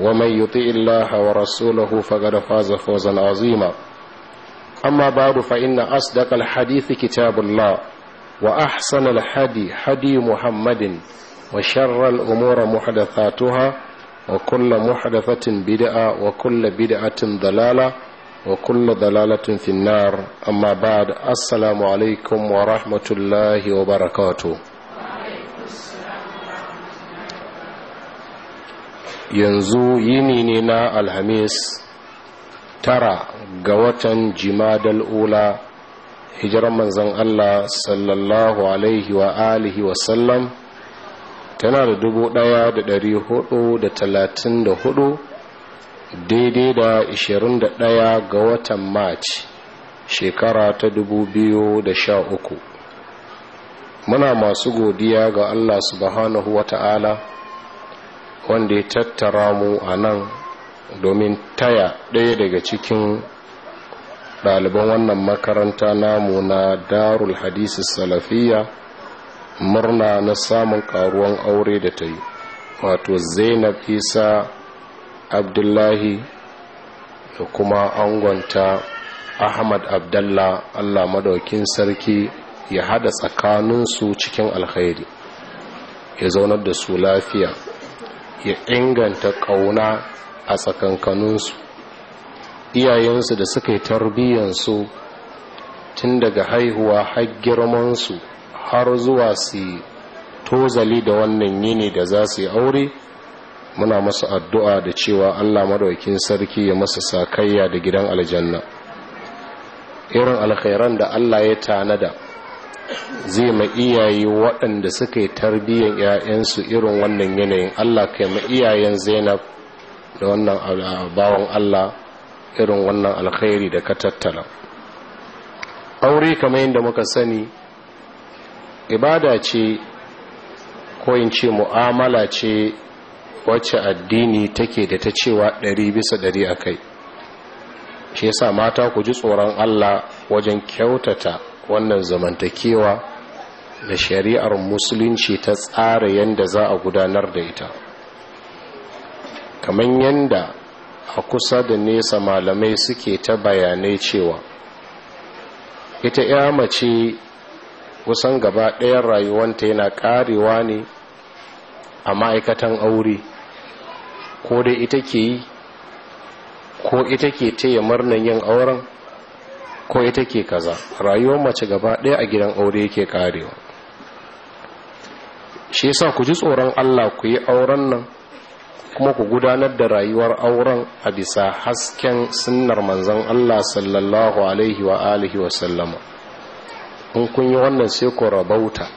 ومن يطيع الله ورسوله فقد فاز فوزا عظيما أما بعد فإن أصدق الحديث كتاب الله وأحسن الحدي حدي محمد وشر الأمور محدثاتها وكل محدثة بدعة وكل بدعة ضلالة وكل ضلالة في النار أما بعد السلام عليكم ورحمة الله وبركاته yanzu yini ne na alhamis tara ga watan jimadal ula hijirar manzan Allah sallallahu alaihi wa alihi wa sallam tana da dubu daya da dari hudu da talatin da hudu daidai da ishirin da daya ga watan march shekara ta dubu biyu da sha uku muna masu godiya ga Allah subhanahu wa ta'ala wanda ya tattara mu a nan domin taya ɗaya daga cikin ɗaliban wannan makaranta namu na darul hadisi salafiya murna na samun ƙaruwan aure da ta yi wato zainab isa abdullahi da kuma angonta ahmad abdallah allah madaukin sarki ya hada tsakaninsu cikin alkhairi ya zaunar da su lafiya ya inganta ƙauna a tsakankaninsu iyayensu da suka yi tarbiyyansu tun daga haihuwa har girmansu har zuwa su tozali da wannan yini da za su yi aure muna masu addu'a da cewa allah maɗaukin sarki ya masu sakayya da gidan aljanna irin alkhairan da allah ya tanada zai ma iyaye waɗanda suka yi tarbiyyar 'ya'yansu irin wannan yanayin allah kai ma iyayen zainab da wannan bawan allah irin wannan alkhairi da ka tattala aure kamar yadda muka sani ibada ce ko ce mu'amala ce wacce addini take da ta cewa ɗari bisa ɗari a kai shi yasa mata ku ji tsoron allah wajen kyautata wannan zamantakewa da shari'ar musulunci ta tsara yadda za a gudanar da ita kamar yadda a kusa da nesa malamai suke ta bayanai cewa ita ya mace kusan gaba ɗayan rayuwanta yana ƙarewa ne a ma'aikatan aure ko dai ita ke yi ko ita ke taya murnan yin auren ko ita ke kaza rayuwar mace gaba ɗaya a gidan aure yake ƙarewa shi yasa ku ji tsoron Allah ku yi auren nan kuma ku gudanar da rayuwar auren a bisa hasken sunnar manzon Allah sallallahu alaihi wa alihi wa sallama in kun yi wannan sai ku rabauta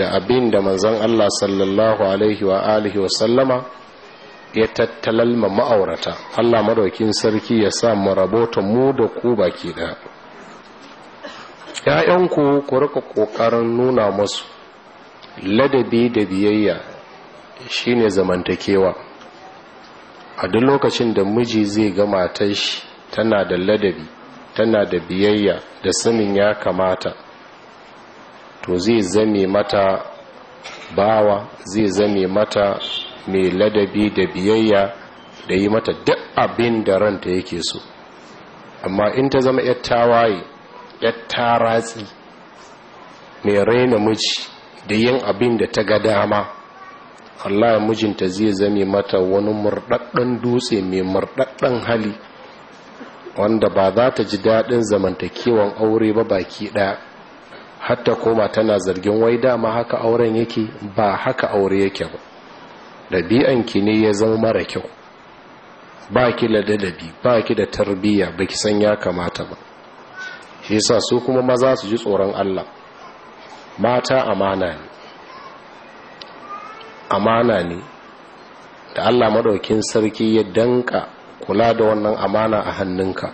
da abin da manzon Allah sallallahu alaihi wa alihi wa sallama ya tattalal ma ma'aurata Allah madaukin sarki ya sa mu mu da ku baki da Ya'yanku ku rika kokarin nuna musu ladabi da biyayya shine zamantakewa a duk lokacin da miji zai ga matar shi tana da ladabi tana da biyayya da sanin ya kamata to zai zame mata bawa zai zame mata mai ladabi da biyayya da yi mata duk abin da ranta yake so amma in ta zama yar tawaye yar taratsi mai raina miji da yin abin da ta ga dama Allah mijinta zai zame mata wani murɗaɗɗen dutse mai murɗaɗɗen hali wanda ba za ta ji daɗin zamantakewan aure ba baki ɗaya hatta koma tana zargin wai dama haka auren yake ba haka aure yake ba ɗabi'anki ne ya zama mara kyau ba ki da ladabi ba ki da tarbiyya ba ki san ya kamata ba shi sa su kuma maza su ji tsoron Allah mata amana ne amana ne da Allah madaukin sarki ya danka kula da wannan amana a hannunka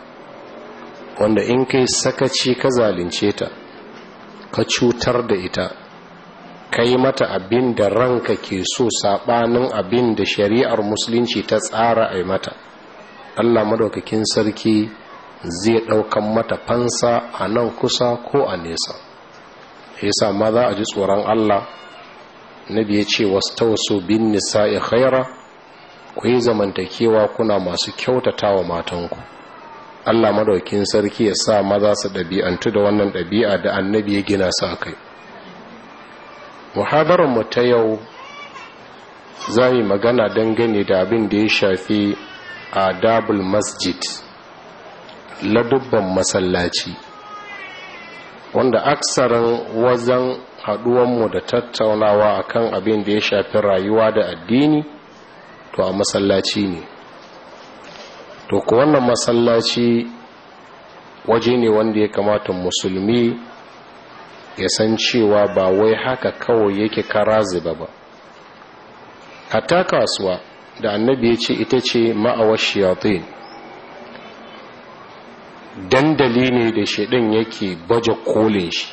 wanda in kai sakaci ka zalunce ta ka cutar da ita ka yi mata abin da ranka ke so saɓanin abin da shari'ar musulunci ta tsara a mata allah madaukakin sarki zai daukan mata fansa a nan kusa ko a nesa yasa ma za a ji tsoron allah nabi ya ce wasu bin nisa'i khaira ku yi zamantakewa kuna masu kyautata wa matanku allah madaukakin sarki ya sa maza su ɗabi'antu da wannan ɗabi'a da annabi ya gina sa kai mu ta yau za yi magana dangane da abin da ya shafi a dabul masjid ladubban masallaci wanda aksarin wajen mu da tattaunawa akan abin da ya shafi rayuwa da addini to a masallaci ne to ku wannan masallaci waje ne wanda ya kamata musulmi ya san cewa ba wai haka kawai yake kara zuba ba hatta kasuwa da annabi ya ce ita ce ma'awar shayatin dandali ne da shaɗin yake baje kolin shi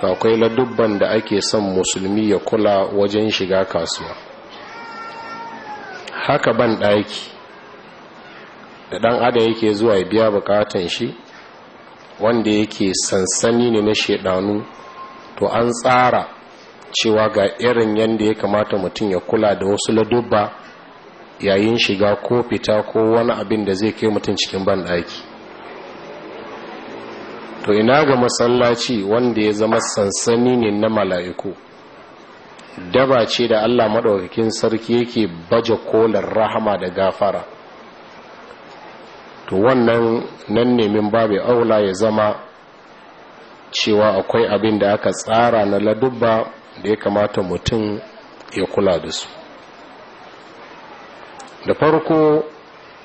to akwai ladubban da ake son musulmi ya kula wajen shiga kasuwa haka ban ɗaki da ɗan ada yake zuwa biya bukatan shi wanda yake sansani ne na shaidanu to an tsara cewa ga irin yadda ya kamata mutum ya kula da wasu ladubba yayin shiga ko fita ko wani abin da zai kai mutum cikin banɗaki to ina ga masallaci wanda ya zama sansani ne na mala'iku daba ce da allah maɗaukakin sarki yake baje kolar rahama da gafara to wannan nan nemin babu aula ya zama cewa akwai abin da aka tsara na ladubba da ya kamata mutum ya kula da su da farko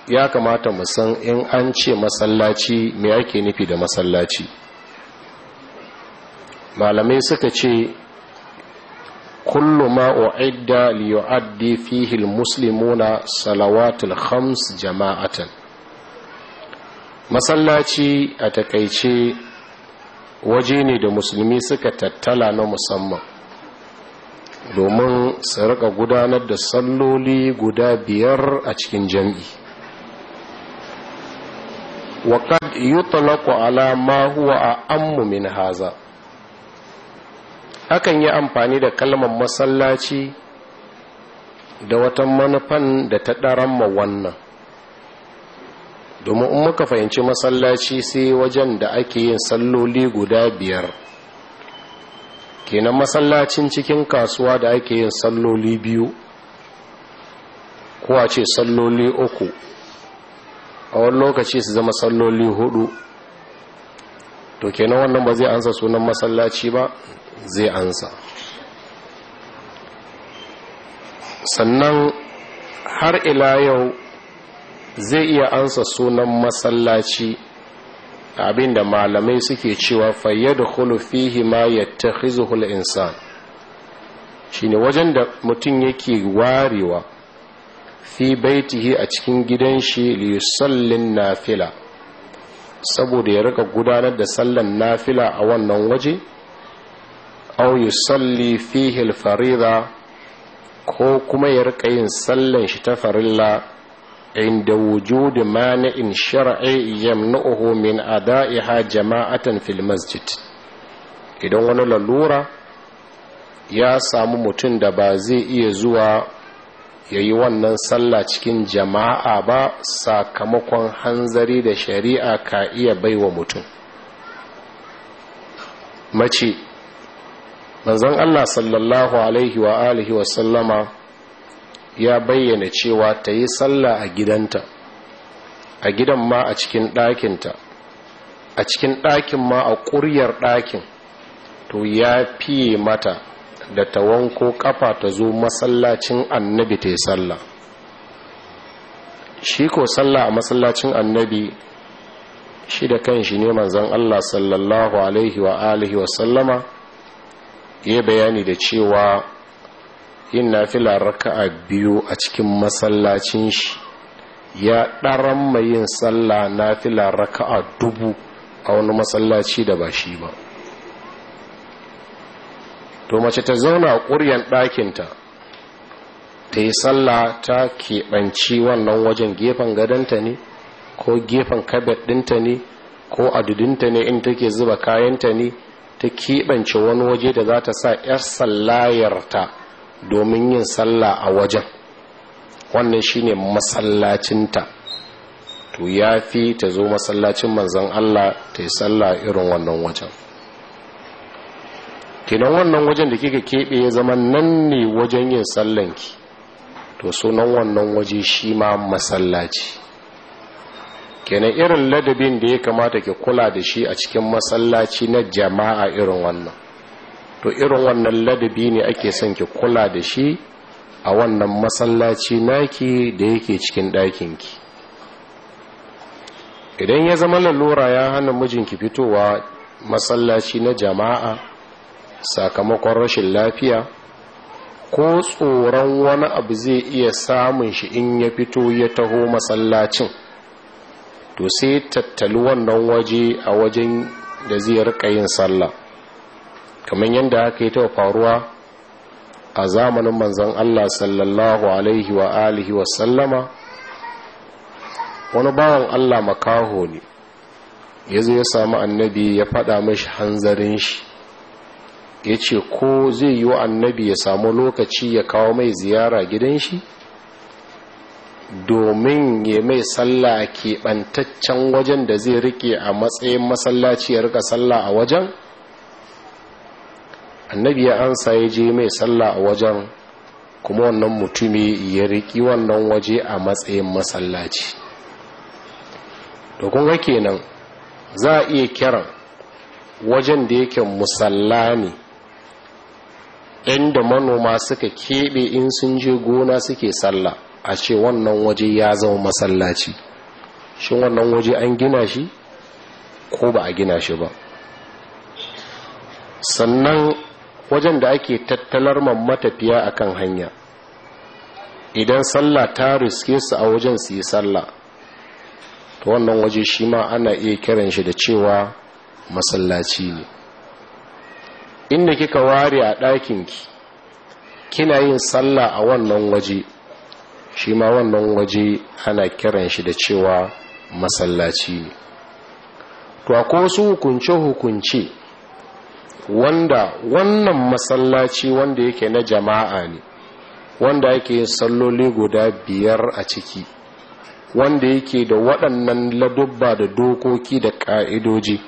ya kamata mu san in an ce masallaci mai ake nufi da masallaci malamai suka ce kullu ma u'idda liyu'addi fihil muslimuna salawatul khams jama'atan masallaci a takaice waje ne da musulmi suka tattala na musamman domin su rika gudanar da salloli guda biyar a cikin jam'i waƙad yutlaqu ala ma huwa a ammu min haza akan yi amfani da kalmar masallaci da wata manufan da ta ɗaran wannan domin in muka fahimci masallaci sai wajen da ake yin salloli guda biyar kenan masallacin cikin kasuwa da ake yin salloli biyu ko ce salloli uku a wani lokaci su zama salloli hudu to kenan wannan ba zai ansa sunan masallaci ba zai ansa sannan har ila yau zai iya ansa sunan masallaci abinda malamai suke cewa fayyadkhulu fihi ma yattakhizuhu al-insan shine wajen da mutum yake warewa fi baitihi a cikin gidan shi li yusallin nafila saboda ya rika gudanar da sallan nafila a wannan waje aw yusalli fihi al ko kuma ya rika yin sallan shi ta farilla عند وجود مانع شرعي يمنعه من أدائها جماعة في المسجد idan wani lalura ya samu mutum da ba zai iya zuwa ya yi wannan sallah cikin jama'a ba sakamakon hanzari da shari'a ka iya baiwa mutum mace manzon allah sallallahu alaihi wa alihi wasallama ya bayyana cewa ta yi sallah a gidanta a gidan ma a cikin ɗakinta a cikin ɗakin ma a ƙuryar ɗakin to ya fiye mata da ta wanko ƙafa ta zo masallacin annabi ta yi sallah shi ko sallah a masallacin annabi shi da kan shi ne zan Allah sallallahu alaihi wa alihi wa sallama ya bayani da cewa yin nafila raka'a biyu a cikin masallacin shi ya ɗaran mai yin sallah nafila raka'a dubu a wani masallaci da ba shi ba to mace ta zauna a ƙuryan ɗakinta ta yi sallah ta keɓanci wannan wajen gefen gadonta ne ko gefen kabet ɗinta ne ko adudinta ne in take zuba kayanta ne ta keɓance wani waje da za ta sa 'yar tsallayarta domin yin sallah a wajen wannan shine masallacinta to ya fi ta zo masallacin manzan Allah ta yi sallah irin wannan wajen kinan wannan wajen da kika keɓe ya zama nan ne wajen yin sallanki to sunan wannan waje shi ma masallaci kenan irin ladabin da ya kamata ki kula da shi a cikin masallaci na jama'a irin wannan to irin wannan ladabi ne ake son ki kula da shi a wannan masallaci naki da yake cikin ɗakinki idan ya zama lalura ya hana mijinki fitowa masallaci na jama'a sakamakon rashin lafiya ko tsoron wani abu zai iya samun shi in ya fito ya taho masallacin to sai tattali wannan waje a wajen da zai rika yin sallah kamar yadda aka yi ta faruwa a zamanin manzan Allah sallallahu alaihi wa alihi wa sallama wani bawan Allah makaho ne ya zai ya sami annabi ya faɗa mashi hanzarin shi ya ce ko zai yi wa annabi ya samu lokaci ya kawo mai ziyara gidan shi domin ya mai sallah keɓantaccen wajen da zai rike a matsayin masallaci ya rika sallah a wajen annabi ya ansa ya je mai sallah a wajen kuma wannan mutumi ya riki wannan waje a matsayin masallaci to kun kenan za a iya kiran wajen da yake musalla ne inda manoma suka keɓe in sun je gona suke sallah a ce wannan waje ya zama masallaci shi wannan waje an gina shi ko ba a gina shi ba sannan wajen da ake tattalar matafiya a kan hanya idan sallah ta riske su a wajen su yi sallah ta wannan waje shi ma ana iya kiran shi da cewa masallaci ne inda kika ware a ɗakinki kina yin sallah a wannan waje shi ma wannan waje ana kiran shi da cewa masallaci ne to wasu hukunce-hukunce wanda wannan masallaci wanda yake na jama'a ne wanda yake yin salloli guda biyar a ciki wanda yake da waɗannan ladubba da dokoki da ƙa'idoji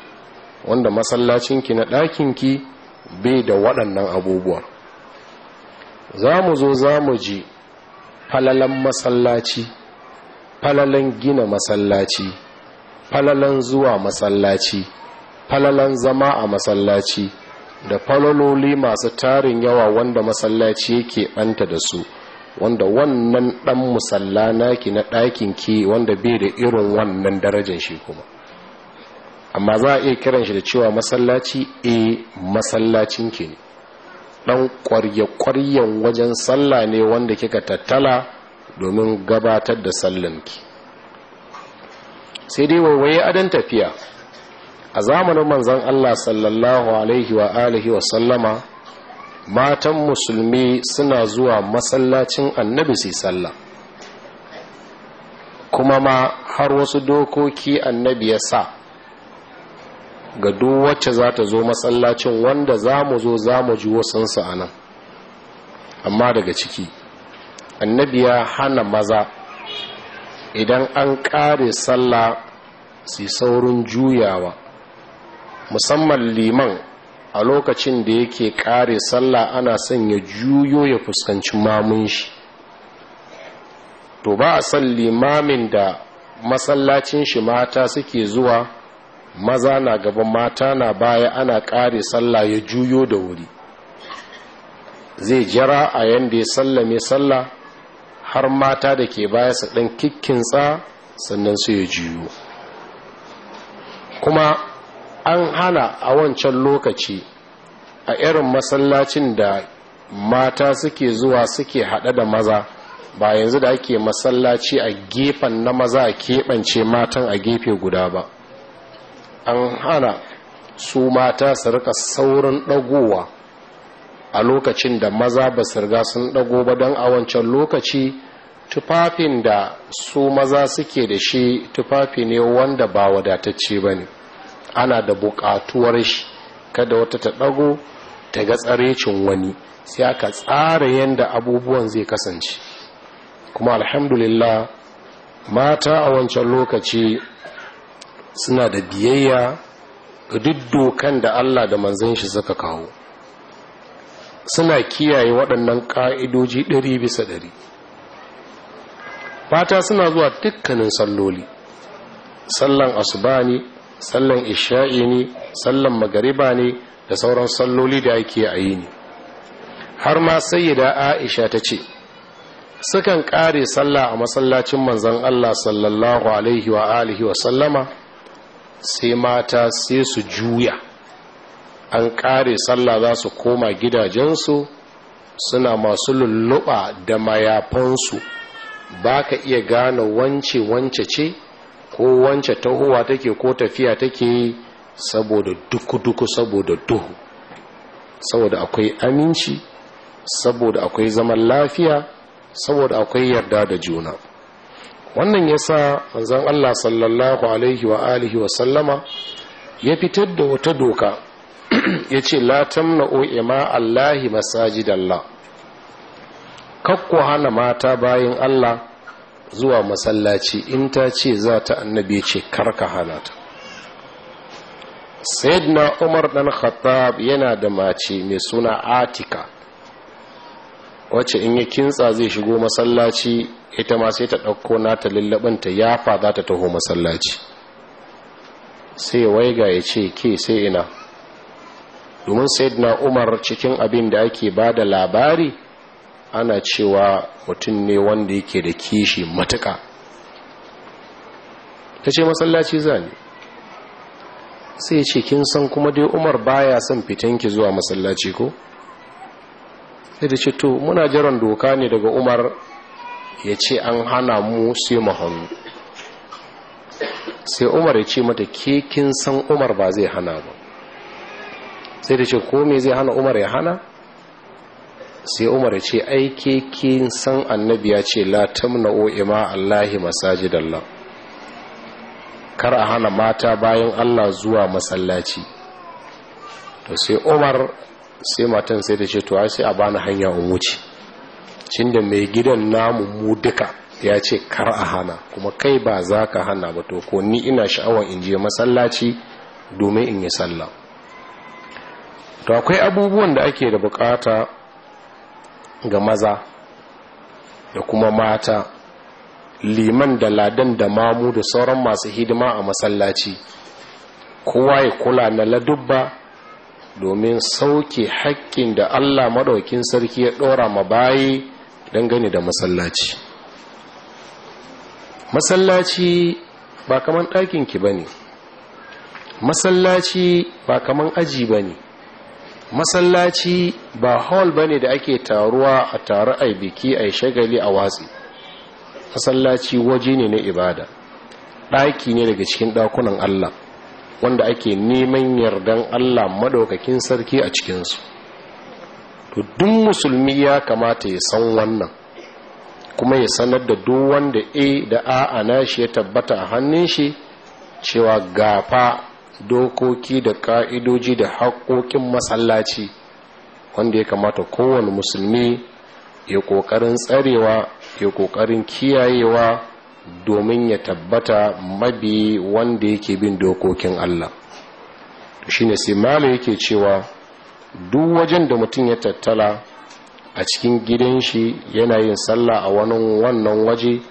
wanda masallacinki na ɗakinki bai da waɗannan abubuwa, za mu zo za mu ji falalan masallaci falalan gina masallaci falalan zuwa masallaci falalan zama a masallaci da falololi masu tarin yawa wanda masallaci yake banta da su wanda wannan dan musalla naki na ɗakin ki wanda bai da irin wannan darajar shi kuma amma za a iya kiran shi da cewa masallaci e masallacin ki ne dan ƙwarya-ƙwaryan wajen sallah ne wanda kika tattala domin gabatar da sallanki sai dai waiwaye adon tafiya a zamanin manzan Allah sallallahu alaihi wa alihi wa sallama matan musulmi suna zuwa masallacin annabi su sallah kuma ma har wasu dokoki annabi ya sa ga duk wacce za ta zo masallacin wanda za mu zo za mu ji wasansa a nan amma daga ciki annabi ya hana maza idan an kare sallah su saurin juyawa musamman liman a lokacin da yake kare sallah ana son ya juyo ya fuskanci mamun shi to ba a son limamin da masallacin shi mata suke zuwa maza na gaba mata na baya ana kare sallah ya juyo da wuri zai jira a yadda ya sallame sallah har mata da ke baya su ɗan kikkinsa sannan su ya juyo kuma an hana a wancan lokaci a irin masallacin da mata suke zuwa suke haɗa da maza ba yanzu da ake masallaci a gefen na maza a keɓance matan a gefe guda ba an hana su mata su rika saurin ɗagowa a lokacin da maza ba su riga sun ɗago ba don a wancan lokaci tufafin da su maza suke da shi tufafi ne wanda ba wadatacce ba ne ana da buƙatuwar shi kada wata ta ɗago ta ga tsarecin wani sai aka tsara yadda abubuwan zai kasance kuma alhamdulillah mata a wancan lokaci suna da biyayya ga duk dokan da Allah da manzan shi suka kawo suna kiyaye waɗannan ƙa'idoji ɗari bisa ɗari mata suna zuwa dukkanin salloli sallan asuba sallan isha'i ne sallan magariba ne da sauran salloli da ake a yi ne har ma sayyida aisha ta ce sukan kare sallah a masallacin manzon Allah sallallahu alaihi wa alihi wa sallama sai mata sai su juya an kare sallah za su koma gidajensu suna masu lulluɓa da mayafansu ba ka iya gane wance wance ce ko wance tahowa take ko tafiya take yi saboda duku-duku saboda duhu saboda akwai aminci saboda akwai zaman lafiya saboda akwai yarda da juna wannan ya sa manzan allah sallallahu alaihi wa alihi wa sallama ya fitar da wata doka ya ce latam na'o ma allahi masajidallah allah kakko hana mata bayan allah zuwa masallaci in ta ce za ta annabi ce karka halata ta sayyidina umar dan khattab yana da mace mai suna atika wacce in ya kintsa zai shigo masallaci ita ma sai ta ɗauko nata ya yafa za ta taho masallaci sai waiga ya ce ke sai ina domin sayyidina umar cikin abin da ake ba da labari ana cewa mutum ne wanda yake da kishi matuka ta ce masallaci zane sai ce kin san kuma dai umar baya son fitan ki zuwa masallaci ko sai da ce to muna jiran doka ne daga umar ya ce an hana mu sai mu sai umar ya ce mata ke kin san umar ba zai hana ba sai da ce ko me zai hana umar ya hana sai umar ya ce aike kin san annabi ya ce la tamna'u ima allahi allah kar a hana mata bayan allah zuwa masallaci to sai umar sai matan sai da ce to sai a bani hanya in wuce cin da mai gidan namu mu duka ya ce kar a hana kuma kai ba za ka hana ba to ko ni ina sha'awar in je masallaci domin in yi sallah to akwai abubuwan da ake da bukata ga maza da kuma mata liman da ladan da mamu da sauran masu hidima a masallaci kowa ya kula na ladubba domin sauke haƙƙin da allah maɗaukin sarki ya ɗora ma bayi dangane da masallaci masallaci ba kaman ɗakinki ba ne masallaci ba kaman aji ba ne masallaci ba hall ba ne da ake taruwa a taru a biki a shagali a watsi masallaci waje ne na ibada ɗaki ne daga cikin ɗakunan allah wanda ake neman yardan allah madaukakin sarki a cikinsu to duk musulmi ya kamata ya san wannan kuma ya sanar da duk wanda a da a a shi ya tabbata a hannun shi cewa gafa dokoki da ka'idoji da haƙoƙin masallaci wanda ya kamata kowane musulmi ya ƙoƙarin tsarewa ya ƙoƙarin kiyayewa domin ya tabbata mabi wanda yake bin dokokin Allah shine sai mala yake cewa duk wajen da mutum ya tattala a cikin gidan shi yana yin sallah a wani wannan waje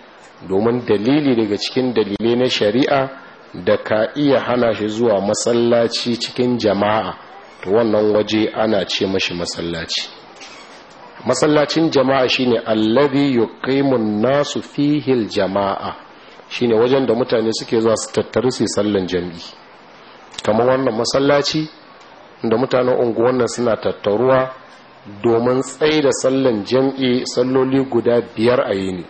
domin dalili daga cikin dalilai na shari'a da ka iya hana shi zuwa masallaci cikin jama'a to wannan waje ana ce mashi masallaci masallacin jama'a shine allabi yuqimun nasu fihil jama'a shine wajen da mutane suke zuwa su tattaru su sallan jami'i kamar wannan masallaci da mutanen unguwan suna tattaruwa domin tsaye da sallan jam'i salloli guda biyar a yini.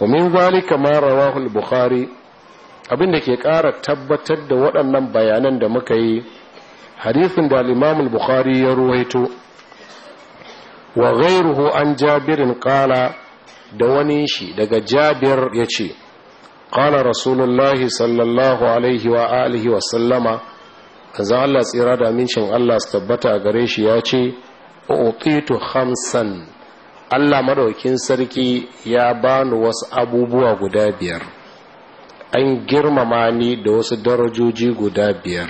ومن ذلك ما رواه البخاري abin da ke ƙara tabbatar da waɗannan bayanan da muka yi hadisin da al bukhari ya ruwaito wa ghairuhu an jabirin ƙara da wani shi daga jabir ya ce ƙala rasulullahi sallallahu alaihi wa alihi wa sallama za Allah tsira da amincin Allah su tabbata a gare shi ya ce uqitu hamsan Allah madaukin sarki ya bani wasu abubuwa guda biyar an girmama ni da wasu darajoji guda biyar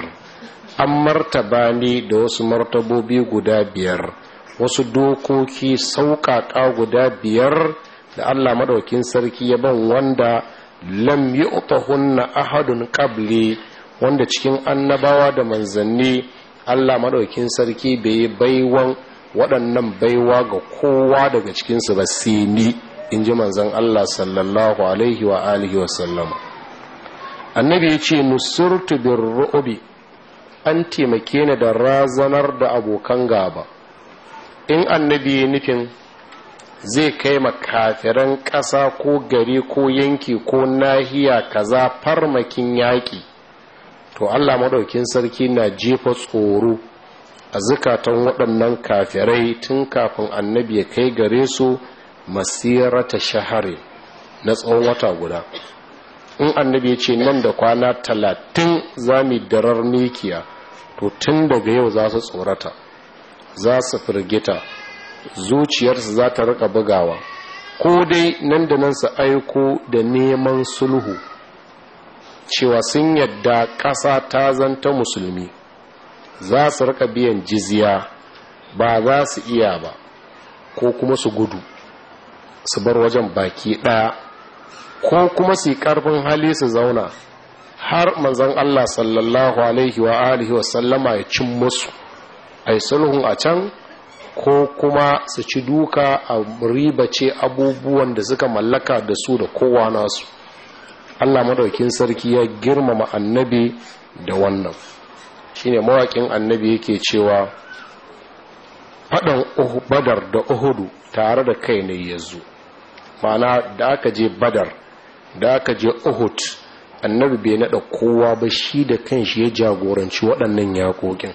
an martaba ni da wasu martabobi guda biyar wasu dokoki sauƙaƙa guda biyar da allah maɗaukin sarki ya ban wanda lam yi hunna ahadun ƙabli wanda cikin annabawa da manzanni allah maɗaukin sarki bai yi baiwan waɗannan baiwa ga kowa daga cikinsu ba sai ni in ji manzan allah sallallahu alaihi wa alihi wasallama annabi ya ce nusurtu bin ru'ubi an taimake ni da razanar da abokan gaba in annabi ya nufin zai kai makafiran ƙasa ko gari ko yanki ko nahiya kaza farmakin yaƙi to allah maɗaukin sarki na jefa tsoro a zukatan waɗannan kafirai tun kafin annabi ya kai gare su masirata shahari na tsawon wata guda in annabi ce nan da kwana talatin za mu darar mikiya to tun daga yau za su tsorata za su firgita zuciyarsu za ta rika bugawa ko dai nan da nan su aiko da neman sulhu cewa sun yadda ƙasa ta zanta musulmi za su rika biyan jiziya ba za su iya ba ko kuma su gudu su bar wajen baki ɗaya ko kuma su karfin hali su zauna har manzon Allah sallallahu alaihi wa alihi wa sallama ya cin musu yi sulhun a can ko kuma su ci duka a ribace abubuwan da suka mallaka da su da kowa nasu Allah madaukin sarki ya girmama annabi da wannan shine mawakin annabi yake cewa fadan badar da uhudu tare da kai ne yanzu mana da aka je badar da aka je uhud annabi bai naɗa kowa ba shi da kanshi ya jagoranci waɗannan yaƙoƙin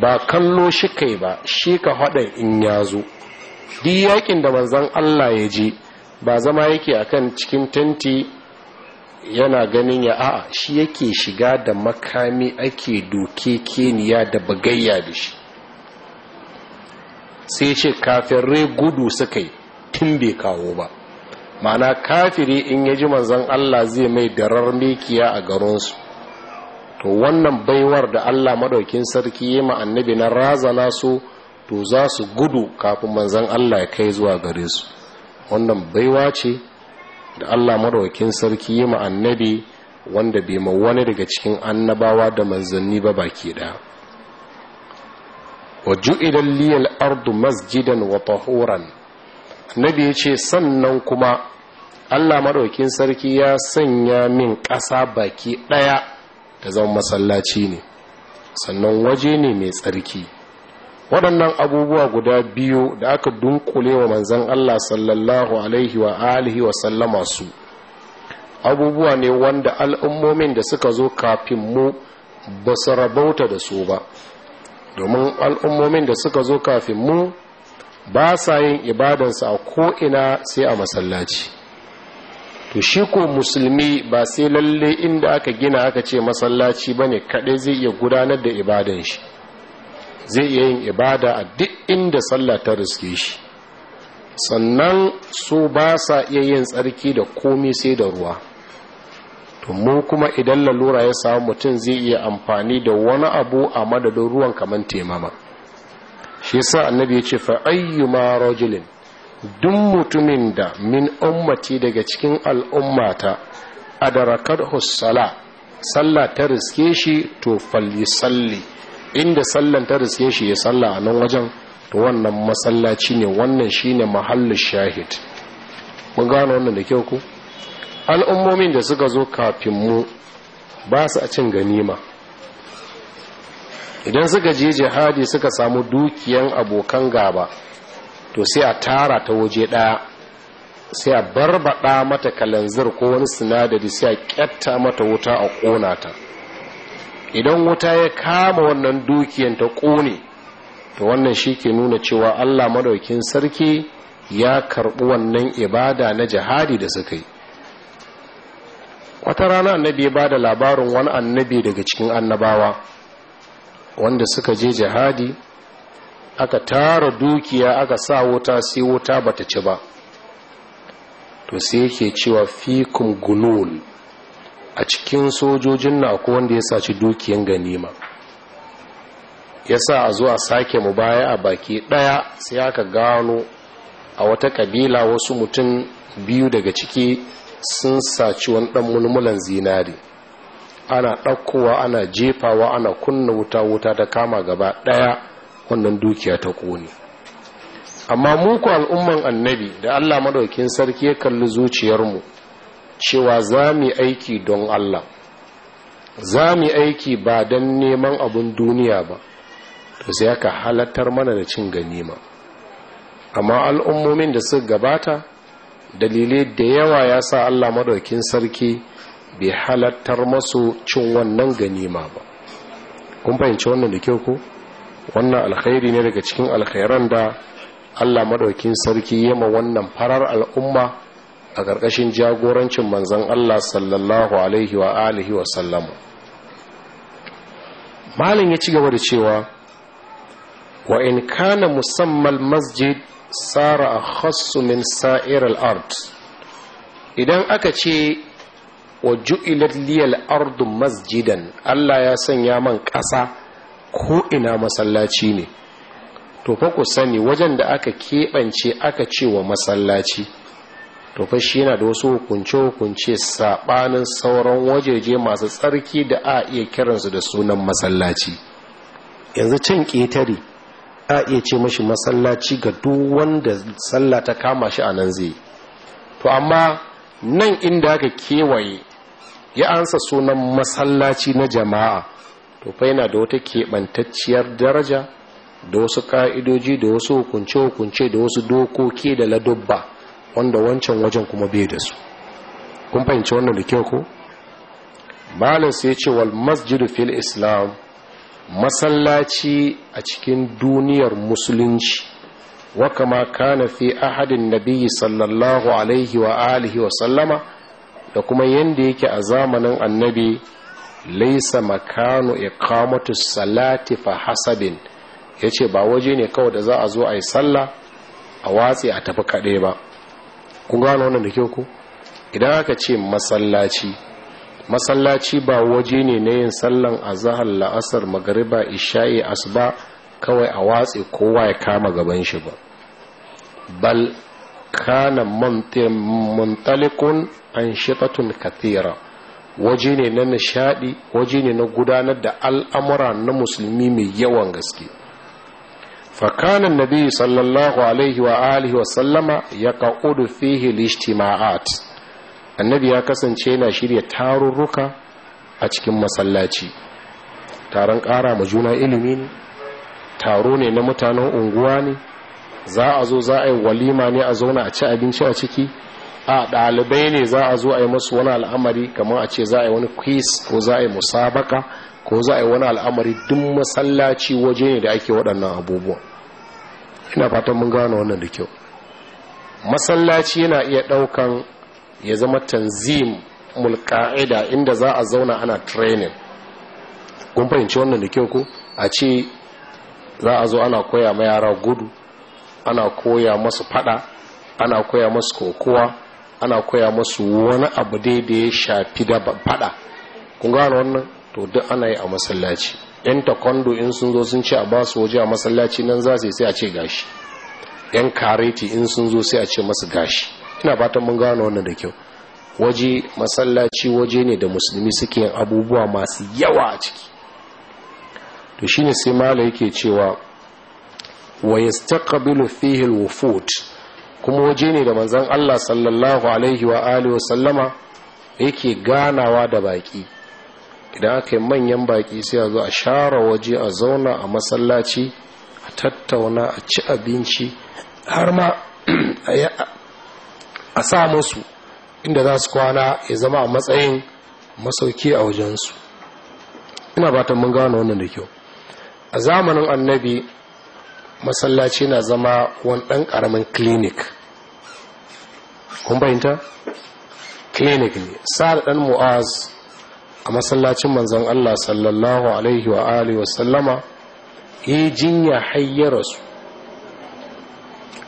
ba kallo shi kai ba shi ka haɗa in ya zo duk yaƙin da manzan allah ya je ba zama yake akan cikin tenti yana ganin ya a'a shi yake shiga da makami ake doke keniya da bagayya da shi sai ce kafin gudu suka yi tun bai kawo ba ma'ana kafiri in ya ji manzan Allah zai mai darar mikiya a garinsu to wannan baiwar da Allah maɗaukin sarki ya annabi na razana su to za su gudu kafin manzan Allah ya kai zuwa gare su wannan baiwa ce da Allah maɗaukin sarki ya maannabi wanda bai ma wani daga cikin annabawa da manzanni ba baki ɗaya wa ju'ilal liyal ardu masjidan wa tahuran nabi ya ce sannan kuma allah maɗaukin sarki ya sanya min ƙasa baki ɗaya da zama masallaci ne sannan waje ne mai tsarki waɗannan abubuwa guda biyu da aka dunkule wa manzan allah sallallahu alaihi wa alihi wa sallama su abubuwa ne wanda al'ummomin da suka zo kafin mu ba su rabauta da su ba domin al'ummomin da suka zo kafin mu ba sa yin ibadansa a ko'ina sai a masallaci to shi ko musulmi ba sai lalle inda aka gina aka ce masallaci ba ne kaɗai zai iya gudanar da ibadan shi zai iya yin ibada a duk inda sallah ta riske shi sannan su ba sa iya yin tsarki da komi sai da ruwa to mu kuma idan lalura ya samu mutum zai iya amfani da wani abu a madadin ruwan kamar temama shi sa annabi ya ce fa ayyuma rajulin duk mutumin da min ummati daga cikin al'ummata a darakar hussala sallah ta riske shi to falli salli inda sallan ta riske shi ya salla a nan wajen to wannan masallaci ne wannan shi ne mahallin shahid mun gano wannan da kyau ku al'ummomin da suka zo kafin mu ba su a cin ganima idan suka je jihadi suka samu dukiyan abokan gaba to sai a tara ta waje ɗaya sai a barbada mata kalanzir ko wani sinadari sai a ƙyatta mata wuta a ƙona ta idan wuta ya kama wannan dukiyan ta ƙone to wannan shi ke nuna cewa allah madaukin sarki ya karɓi wannan ibada na jihadi da suka yi wata rana annabi ya ba da labarin wani annabi daga cikin annabawa wanda suka je jihadi aka tara dukiya aka sa wuta sai wuta bata ci ba to sai yake cewa fikum gunul a cikin sojojin na ko wanda ya saci dukiyan ganima ya sa a zuwa sake mu baya a baki ɗaya sai aka gano a wata kabila wasu mutum biyu daga ciki sun saci wani ɗan mulmulan zinari ana ɗaukowa ana jefawa ana kunna wuta wuta ta kama gaba ɗaya wannan dukiya ta ƙone amma muku al'umman annabi da allah maɗaukin sarki ya kalli zuciyarmu cewa za mu aiki don allah za mu aiki ba don neman abin duniya ba to sai aka halattar mana da cin ganima amma al'ummomin da suka gabata dalilai da yawa ya sa allah maɗaukin sarki bai halattar masu cin wannan ganima ba kun fahimci wannan da kyau ko wannan alkhairi ne daga cikin alkhairan da Allah madaukin sarki ma wannan farar al'umma a ƙarƙashin jagorancin manzon Allah sallallahu alaihi wa alihi wa sallam malin ya ci gaba da cewa wa in kana musammal masjid sara a min sa'ir al idan aka ce wa ju'ilat liyal ardu masjidan Allah ya sanya man ƙasa ko ina masallaci ne to fa ku sani wajen da aka keɓance aka ce wa masallaci to fa shi yana da wasu hukunce hukunce saɓanin sauran wajeje masu tsarki da a iya kiransu da sunan masallaci yanzu cin ƙetare a iya ce mashi masallaci ga duk wanda sallah ta kama shi a nan zai to amma nan inda aka kewaye ya ansa sunan masallaci na jama'a to fa yana da wata keɓantacciyar daraja da wasu ka'idoji da wasu hukunce-hukunce da wasu dokoki da ladubba wanda wancan wajen kuma bai da su kun fahimci wannan da kyau ko malam sai ce wal masjidu fil islam masallaci a cikin duniyar musulunci وكما كان في أحد النبي صلى الله عليه وآله وسلم لكما ينديك أزامنا النبي ليس مكان إقامة الصلاة فحسب yace ba waje ne kawai da za a zo a yi sallah a watsi a tafi kaɗai ba ku gano wannan da kyau ku idan aka ce masallaci masallaci ba waje ne na yin sallan azahar la'asar magariba isha'i asuba kawai a watsi kowa ya kama gaban shi ba بل كان منطلق an كثيرة wajine waje ne na nishadi waje ne na gudanar da al'amura na musulmi mai yawan gaske fakanan nabi sallallahu alaihi wa alihi wasallama ya ka'udu fihi lishtima'at annabi ya kasance yana shirya tarurruka a cikin masallaci taron ƙara ma juna ilimi taro ne na mutanen unguwa ne za a zo za a yi walima ne a zauna a ci abinci a ciki a ɗalibai ne za a zo a yi masu wani al'amari kamar a ce za a yi wani quiz ko za a yi musabaka ko za a yi wani al'amari duk masallaci waje ne da ake waɗannan abubuwa. ina fatan mun gano wannan da kyau masallaci yana iya ɗaukan ya zama tanzim mulka'ida inda za a zauna ana training kun fahimci wannan da kyau ko a ce za a zo ana koya ma yara gudu ana koya masu fada ana koya masu kokowa ana koya masu wani abu dai da ya shafi da fada kun gano wannan to duk ana yi a masallaci yan takwando in sun zo sun ce a ba su waje a masallaci nan za su yi sai a ce gashi yan kareti in sun zo sai a ce masu gashi ina fatan mun gano wannan da kyau waje masallaci waje ne da musulmi suke yin abubuwa masu yawa a ciki to shine sai malai yake cewa wa yastaqbilu fihi al kuma waje ne da manzon Allah sallallahu alaihi wa alihi wa sallama yake ganawa da baki idan aka yi manyan baki sai a zo a share waje a zauna a masallaci a tattauna a ci abinci har ma a sa musu inda za su kwana ya zama a matsayin masauki a wajensu ina ba mun gano wannan da kyau a zamanin annabi masallaci na zama wani ɗan ƙaramin clinic kun bayanta? clinic ne sa'ad ɗan mu'az a masallacin manzan Allah sallallahu alaihi wa alihi wasallama yi jinya hayyara su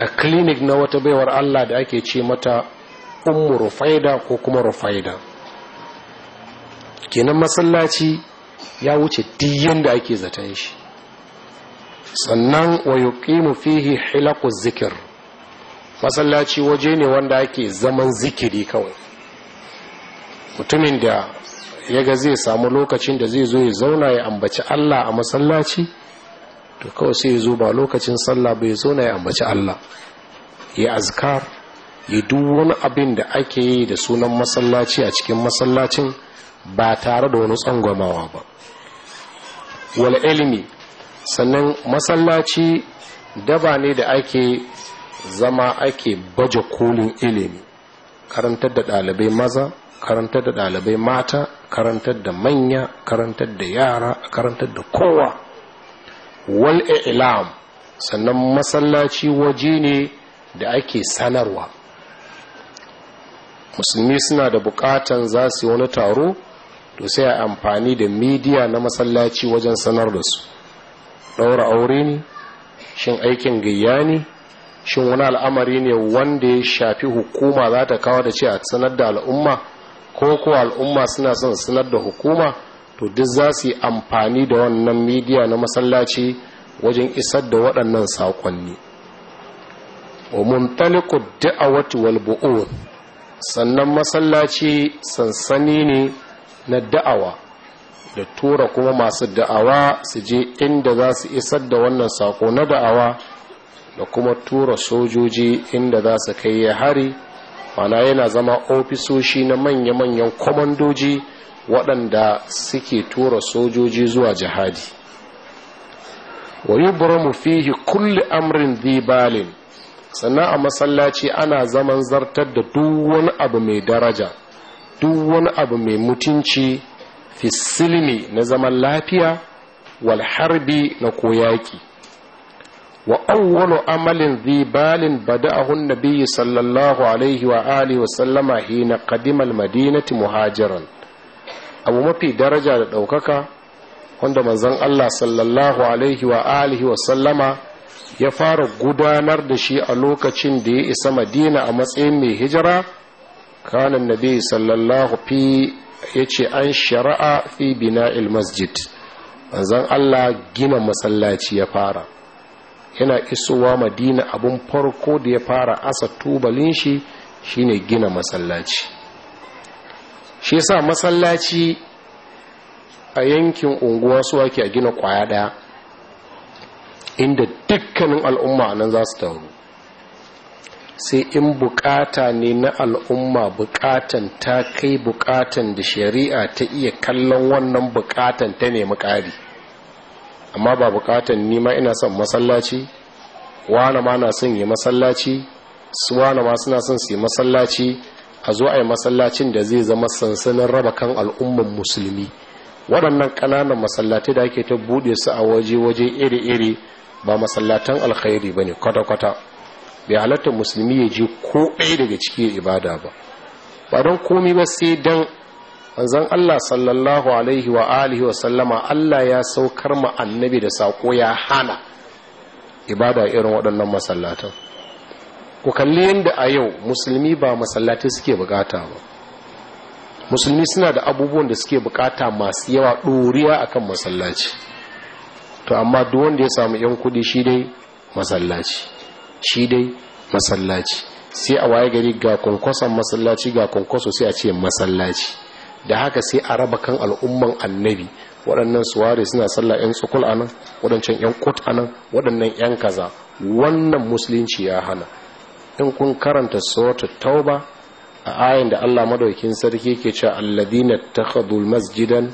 a clinic na wata baiwar Allah da ake ce mata ummu rufaida ko kuma rufaida kenan masallaci ya wuce diyan da ake zaton shi sannan wa yuqimu fihi hilaqu zikir masallaci waje ne wanda ake zaman zikiri kawai mutumin da ya ga zai samu lokacin da zai zo ya zauna ya ambaci Allah a masallaci to kawai sai ya zo ba lokacin sallah bai zauna ya ambaci Allah ya azkar ya duk wani abin da ake yi da sunan masallaci a cikin masallacin ba tare da wani tsangwamawa ba wal ilimi. sannan masallaci daba ne da ake zama ake baje kolin ilimi karantar da ɗalibai maza karantar da ɗalibai mata karantar da manya karantar da yara karantar da kowa wal ilam sannan masallaci waje ne da ake sanarwa musulmi suna da bukatan za su yi wani taro to sai a amfani da midiya na masallaci wajen sanar da su ɗaura aure ne shin aikin gayya ne shin wani al'amari ne wanda ya shafi hukuma za ta kawo da ce a sanar da al'umma ko ko al'umma suna son sanar da hukuma to duk za su yi amfani da wannan midiya na masallaci wajen isar da waɗannan saƙonni wal sannan masallaci sansani ne na da'awa da tura kuma masu da'awa su je inda za su isar da wannan sako na da'awa da kuma tura sojoji inda za su kai ya hari mana yana zama ofisoshi na manya-manyan kwamandoji waɗanda suke tura sojoji zuwa jihadi wayi mu fihi kulli amrin zibalin sannan a masallaci ana zaman zartar da duk wani abu mai daraja duk wani abu mai mutunci fisilmi na zaman lafiya wal harbi na koyaki wa awwalu amalin zibalin bada'ahun nabiyyu sallallahu alaihi wa alihi wa sallama hina qadima madinati muhajiran abu mafi daraja da ɗaukaka wanda manzon Allah sallallahu alaihi wa alihi wa sallama ya fara gudanar da shi a lokacin da ya isa madina a matsayin mai hijira kanan nabi sallallahu fi ya ce an shari'a fi bina masjid zan Allah gina masallaci ya fara yana isowa madina abun farko da ya fara asa tubalin shi shine gina masallaci shi yasa masallaci a yankin unguwa su ake gina kwaya daya inda dukkanin al'umma nan za su taru sai in bukata ne na al'umma bukatan ta kai bukatan da shari'a ta iya kallon wannan bukatan ta nemi ƙari amma ba bukatan nima ina son masallaci wane ma na son yi masallaci su wane ma suna son su yi masallaci a zo a yi masallacin da zai zama sansanin raba kan al'umman musulmi waɗannan ƙananan masallatai da ake ta buɗe su a waje-waje iri-iri ba masallatan alkhairi ba ne kwata-kwata bai halatta musulmi ya je ko ɗaya daga ciki ibada ba ba don komi ba sai don zan Allah sallallahu alaihi wa alihi wa sallama Allah ya saukar ma annabi da sako ya hana ibada irin waɗannan masallatan ku kalli yadda a yau musulmi ba masallatai suke bukata ba musulmi suna da abubuwan da suke bukata masu yawa ɗoriya akan masallaci to amma duk wanda ya samu yan kuɗi shi dai masallaci shi dai masallaci sai a waye gari ga kwankwason masallaci ga kwankwaso sai a ce masallaci da haka sai a raba kan al'umman annabi waɗannan suware suna sallah 'yan tsukul a nan waɗancan 'yan kut a nan waɗannan 'yan kaza wannan musulunci ya hana in kun karanta sautu tauba a ayin da allah madaukin sarki ke ce alladina ta masjidan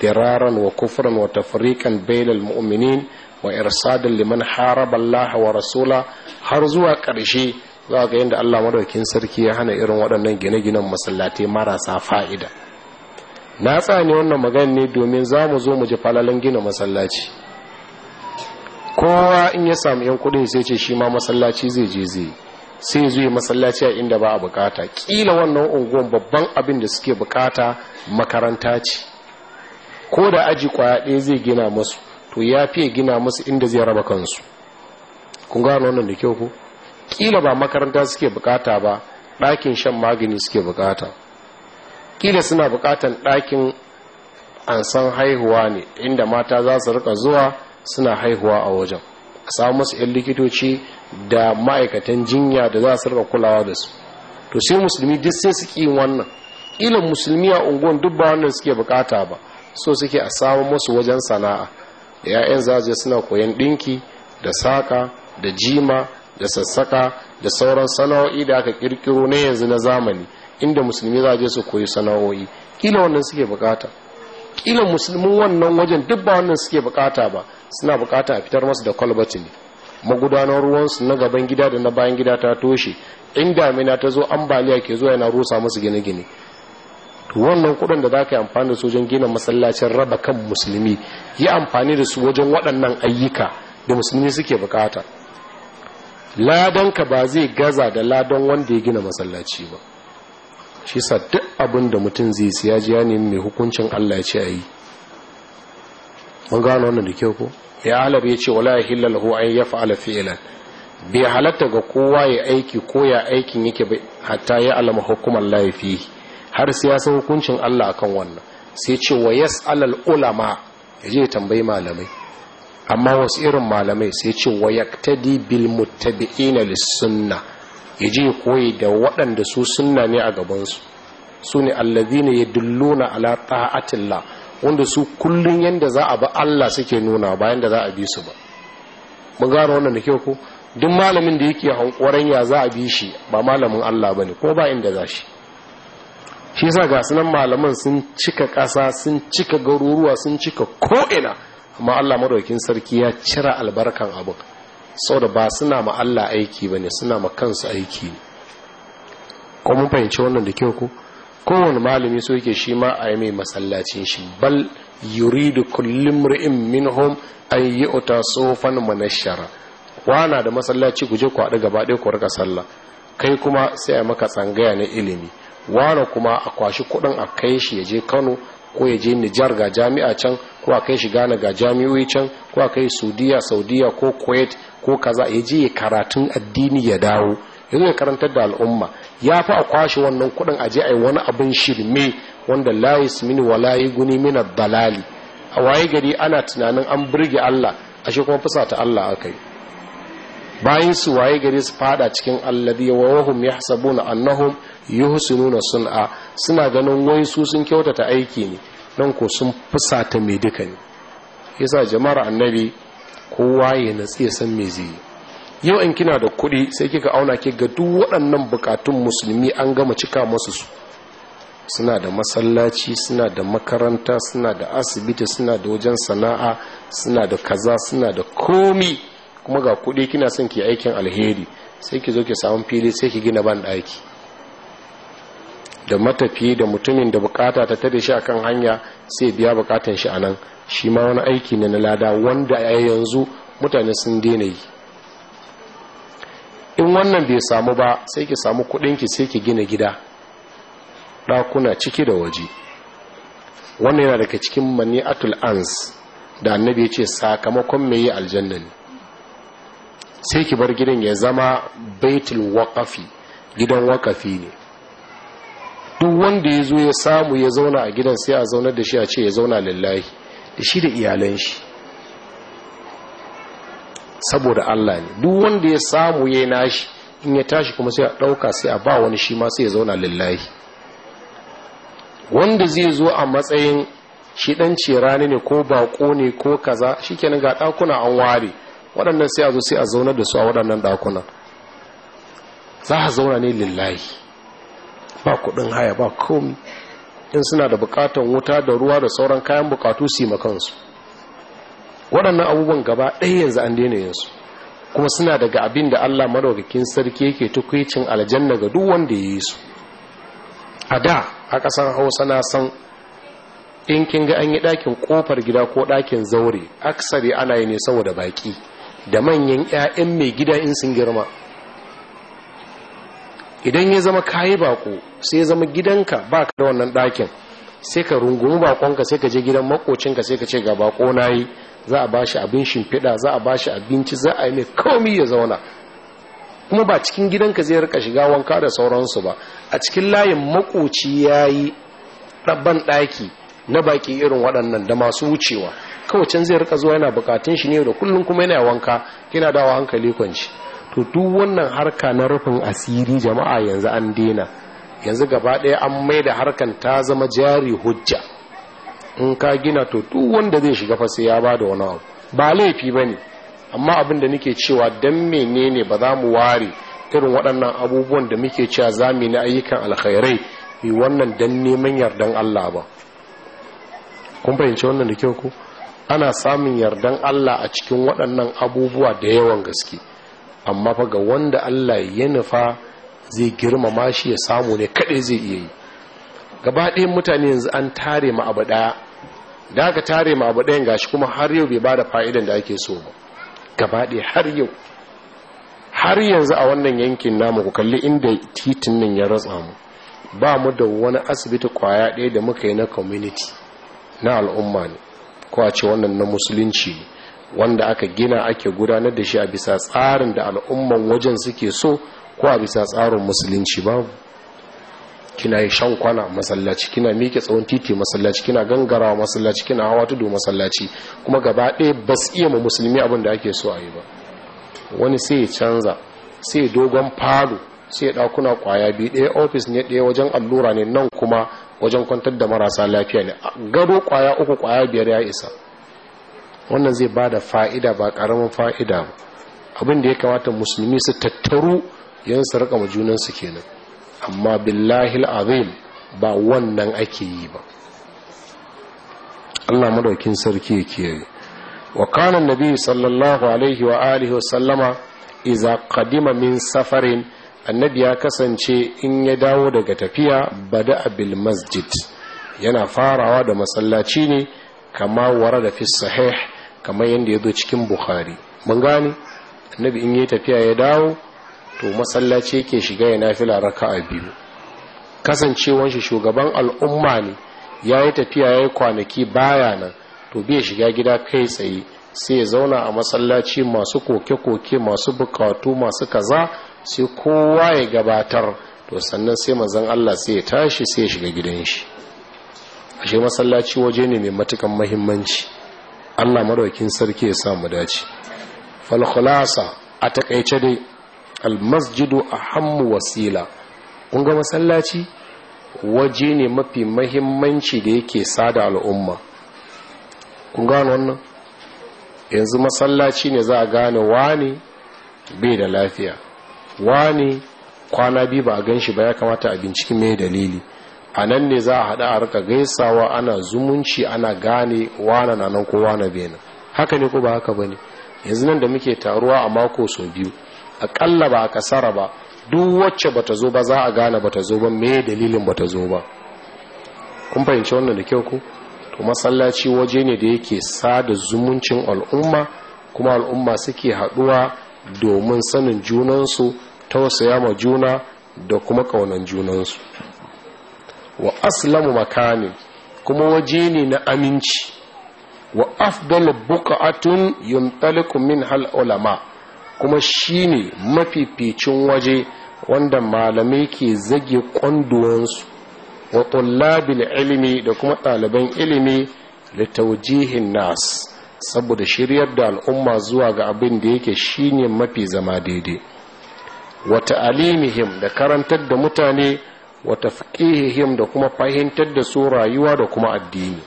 diraran wa kufran wa tafriqan bainal mu'minin wa irsadin liman haraba Allah wa rasula har zuwa ƙarshe za ga yadda Allah madaukin sarki ya hana irin waɗannan gine-ginen masallatai marasa fa'ida na tsani wannan magana ne domin za mu zo mu ji falalan gina masallaci kowa in ya samu yan kuɗi sai ce shi ma masallaci zai je zai sai yi masallaci a inda ba a bukata kila wannan unguwan babban abin da suke bukata makaranta ce ko da aji kwaya zai gina masu to ya fiye gina musu inda zai raba kansu kun gano wannan da kyau ku kila ba makaranta suke bukata ba ɗakin shan magani suke bukata kila suna bukatan ɗakin ansan haihuwa ne inda mata za su rika zuwa suna haihuwa a wajen a samu musu 'yan likitoci da ma'aikatan jinya da za su rika kulawa da su to sai musulmi duk sai su ƙi wannan ilin musulmi a unguwan duk ba wannan suke bukata ba so suke a samu musu wajen sana'a da 'ya'yan zaje suna koyan ɗinki da saƙa da jima da sassaƙa da sauran sana'o'i da aka ƙirƙiro na yanzu na zamani inda musulmi zaje su koyi sana'o'i kila wannan suke bukata kila musulmin wannan wajen duk ba wannan suke bukata ba suna bukata a fitar masu da kwalbati ne magudanar ruwansu na gaban gida da na bayan gida ta toshe in damina ta zo ambaliya ke zuwa yana rusa musu gine-gine wannan kudin da za ka yi amfani da su wajen gina masallacin raba kan musulmi yi amfani da su wajen waɗannan ayyuka da musulmi suke bukata ladanka ba zai gaza da ladan wanda ya gina masallaci ba shi sa duk abin da mutum zai siya ji ya ne mai hukuncin allah ya ce a yi mun gano wannan da kyau ko ya halar ya ce wala hillal hu an ya fa'ala fi'lan bai halatta ga kowa ya aiki ko ya aikin yake hatta ya alama hukumar laifi har sai ya san hukuncin Allah akan wannan sai ce wa al ulama yaje tambayi malamai amma wasu irin malamai sai ce wa yaktadi bil muttabi'ina lis sunna yaje koyi da waɗanda su sunna ne a gaban su ne alladhina yadulluna ala ta'atillah wanda su kullun yanda za a ba Allah suke nuna bayan da za a bi su ba mun gano wannan da kyau ko duk malamin da yake hankoran ya za a bi shi ba malamin Allah bane ko ba inda za shi shi yasa ga sunan malaman sun cika kasa sun cika garuruwa sun cika ko'ina amma Allah madaukin sarki ya cira albarkan abu saboda ba suna ma Allah aiki ba ne suna ma kansu aiki ne ko mun fahimci wannan da kyau ko kowane malami so yake shi ma a yi mai masallacin shi bal yuridu kullum ri'in minhum an yi uta sofan manashara wana da masallaci guje ku haɗu gaba ɗaya ku rika sallah kai kuma sai a maka tsangaya na ilimi wane kuma a kwashi kudin a kai shi ya je kano ko ya je nijar ga jami'a can ko a kai shi ghana ga jami'o'i can ko a kai saudiya saudiya ko kuwait ko kaza ya je ya karatun addini ya dawo ya ya karantar da al'umma ya fi a kwashe wannan kudin a je a yi wani abin shirme wanda layis mini wa layi guni mina dalali a waye gari ana tunanin an burge Allah ashe kuma fusa ta Allah akai bayan su waye gari su fada cikin alladhi ya wahum yahsabuna annahum yuhsinuna sun'a suna ganin wai su sun kyautata aiki ne nan ko sun fusata mai duka ne yasa jama'ar annabi kowa ya natsi ya san me zai yau in kina da kuɗi sai kika auna ki ga duk waɗannan bukatun musulmi an gama cika masu su suna da masallaci suna da makaranta suna da asibiti suna da wajen sana'a suna da kaza suna da komi kuma ga kuɗi kina son ki aikin alheri sai ki zo ki samu fili sai ki gina ban ɗaki da matafi da mutumin da bukata ta tare shi akan hanya sai biya bukatan shi anan shi ma wani aiki ne na lada wanda a yanzu mutane sun daina yi in wannan bai samu ba sai ki samu ki sai ki gina gida ɗakuna ciki da waje wannan yana daga cikin mani'atul ans da annabi ya ce sakamakon mai yi aljanna ne sai ki bar gidan ya zama baitul waƙafi gidan waƙafi ne duk wanda ya zo ya samu ya zauna a gidan sai a zaunar da shi a ce ya zauna lillahi da shi da iyalan shi saboda Allah ne duk wanda ya samu ya nashi in ya tashi kuma sai a ɗauka sai a ba wani shi ma sai ya zauna lillahi wanda zai zo a matsayin shi ɗan rani ne ko baƙo ne ko kaza shi kenan ga ɗakuna an ware waɗannan sai a zo sai a zaunar da su a waɗannan ɗakuna za a zauna ne lillahi ba kudin haya ba komi in suna da bukatan wuta da ruwa da sauran kayan bukatu su yi makansu waɗannan abubuwan gaba ɗaya yanzu an daina yinsu kuma suna daga abin da allah madaukakin sarki yake tukwicin aljanna ga duk wanda ya yi su a da a ƙasar hausa na san in kin ga an yi ɗakin ƙofar gida ko ɗakin zaure aksari ana yi ne saboda baƙi da manyan 'ya'yan mai gida in sun girma idan ya zama kayi bako sai ya zama gidanka ba ka da wannan ɗakin sai ka rungumi bakonka sai ka je gidan makocinka sai ka ce ga bako na yi za a ba shi abin shimfiɗa za a ba shi abinci za a yi mai komi ya zauna kuma ba cikin gidanka zai rika shiga wanka da sauransu ba a cikin layin makoci ya yi rabban ɗaki na baki irin waɗannan da masu wucewa kawai can zai rika zuwa yana bukatun shi ne da kullum kuma yana wanka kina dawo hankali kwanci to duk wannan harka na rufin asiri jama'a yanzu an daina yanzu gaba ɗaya an mai da harkan ta zama jari hujja in ka gina to duk wanda zai shiga fasa ya ba da wani abu ba laifi ba ne amma abin da nake cewa don menene ba za mu ware irin waɗannan abubuwan da muke cewa za mu na ayyukan alkhairai yi wannan don neman yardan Allah ba kun fahimci wannan da kyau ku ana samun yardan Allah a cikin waɗannan abubuwa da yawan gaske amma fa ga wanda Allah ya nufa zai girmama shi ya samu ne kaɗai zai iya yi gaba ɗayan mutane yanzu an tare ma abu ɗaya da aka tare ma abu ɗayan gashi kuma har yau bai ba da fa'idan da ake so ba gaba ɗaya har yau har yanzu a wannan yankin namu ku kalli inda titin nan ya ratsa mu ba mu da wani asibiti kwaya ɗaya da muka yi na community na al'umma ne ko a ce wannan na musulunci ne wanda aka gina ake gudanar da shi a bisa tsarin da al'umman wajen suke so ko a bisa tsarin musulunci babu kina yi shan kwana masallaci kina miƙe tsawon titi masallaci kina gangarawa masallaci kina hawa tudu masallaci kuma gaba ɗaya ba su iya ma musulmi abin da ake so a yi ba wani sai ya canza sai dogon falo sai ya ɗakuna ƙwaya biyu ɗaya ofis ne ɗaya wajen allura ne nan kuma wajen kwantar da marasa lafiya ne gado ƙwaya uku ƙwaya biyar ya isa wannan zai ba da fa'ida ba ƙaramin fa'ida abin da ya kamata musulmi su tattaru yin su rika junansu kenan amma billahi azim ba wannan ake yi ba Allah madaukin sarki ya kiyaye wa kanan nabi sallallahu alaihi wa alihi wa sallama iza kadimamin min safarin annabi ya kasance in ya dawo daga tafiya bada bil masjid yana farawa da masallaci ne kama wara da fi sahih kamar yadda ya zo cikin bukhari mun gane annabi in yi tafiya ya dawo to masallaci yake shiga ya nafila a biyu kasancewan shi shugaban al'umma ne ya yi tafiya ya yi kwanaki baya nan to biya shiga gida kai tsaye sai ya zauna a masallaci masu koke-koke masu bukatu masu kaza sai kowa ya gabatar to sannan sai manzan Allah sai ya tashi sai ya shiga gidan shi ashe masallaci waje ne mai matukan muhimmanci Allah maraukin sarki ya samu dace fal khulasa a takaice dai al masjidu ahammu wasila kun ga masallaci waje ne mafi muhimmanci da yake sada al'umma kun ga wannan yanzu masallaci ne za a gane wani bai da lafiya wani kwana biyu ba a gan shi ba ya kamata a binciki mai dalili a nan ne za a haɗa a rika gaisawa ana zumunci ana gane wana na nan ko wana benin haka ne ko ba haka ba ne yanzu nan da muke taruwa a mako sau biyu aƙalla ba a kasara ba duk wacce bata zo ba za a gane ba ta zo ba me dalilin ba ta zo ba kun fahimci wannan da kyau ko to masallaci waje ne da yake sada zumuncin al'umma kuma al'umma suke haɗuwa domin sanin junansu tausaya ma juna da kuma ƙaunan junansu wa aslamu makanin kuma waje ne na aminci wa afdal buka'atun yuntaliku min hal ulama kuma shine mafificin waje wanda malamai ke zage kwanduwansu wa tullabil ilimi da kuma ɗaliban ilimi da taujihin nas saboda shiryar da al'umma zuwa ga abin da yake shine mafi zama daidai wa ta'alimihim da karantar da mutane wa tafqihihim da kuma fahimtar da su rayuwa da kuma addini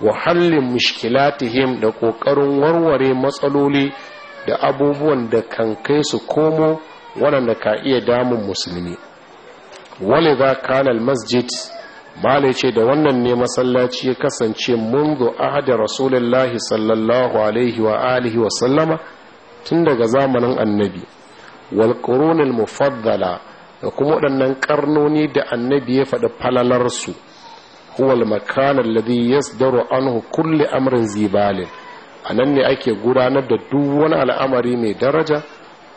wa hallin mushkilatihim da kokarin warware matsaloli da abubuwan da kan kai su komo waɗanda ka iya damun musulmi wale za kana masjid malai ce da wannan ne masallaci ya kasance mun a ahada rasulullahi sallallahu alaihi wa alihi wa sallama tun daga zamanin annabi wal mufaddala da kuma waɗannan karnoni da annabi ya faɗi falalarsu huwal makanar ladhi daro anhu kulli amrin zibalin a nan ne ake gudanar da duk al'amari mai daraja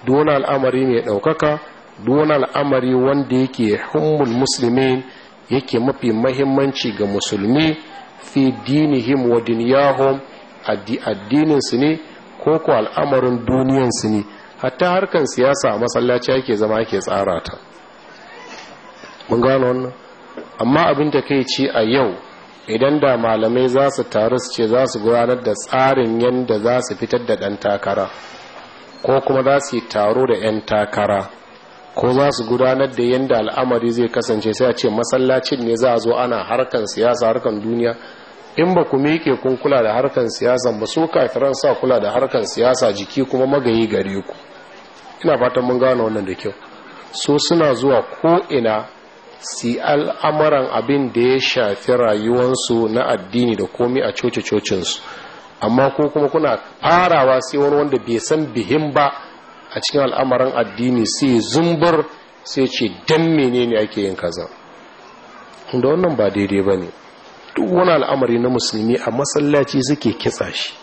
duk al'amari mai ɗaukaka duk al'amari wanda yake hummul musulmi yake mafi mahimmanci ga musulmi fi dinihim wa duniyahum addininsu ne ko ko al'amarin duniyansu ne hatta harkan siyasa a masallaci ake zama ake tsara ta mun gano wannan amma abin da kai ce a yau idan da malamai za su taru su ce za su gudanar da tsarin yadda za su fitar da ɗan takara ko kuma za su yi taro da 'yan takara ko za su gudanar da yadda al'amari zai kasance sai a ce masallacin ne za a zo ana harkan siyasa harkan duniya in ba ku yake kun kula da harkan siyasa ba so kafiran sa kula da harkan siyasa jiki kuma magayi gare ku ina fatan mun gane wannan da kyau so suna zuwa ko ina si al'amuran abin da ya shafi rayuwansu na addini da komi a coci cocinsu amma ko kuma kuna farawa sai wani wanda bai san bihin ba a cikin al'amuran addini sai zumbar sai ce dan menene ake yin kaza da wannan ba daidai ba ne duk wani al'amari na musulmi a masallaci suke kitsa shi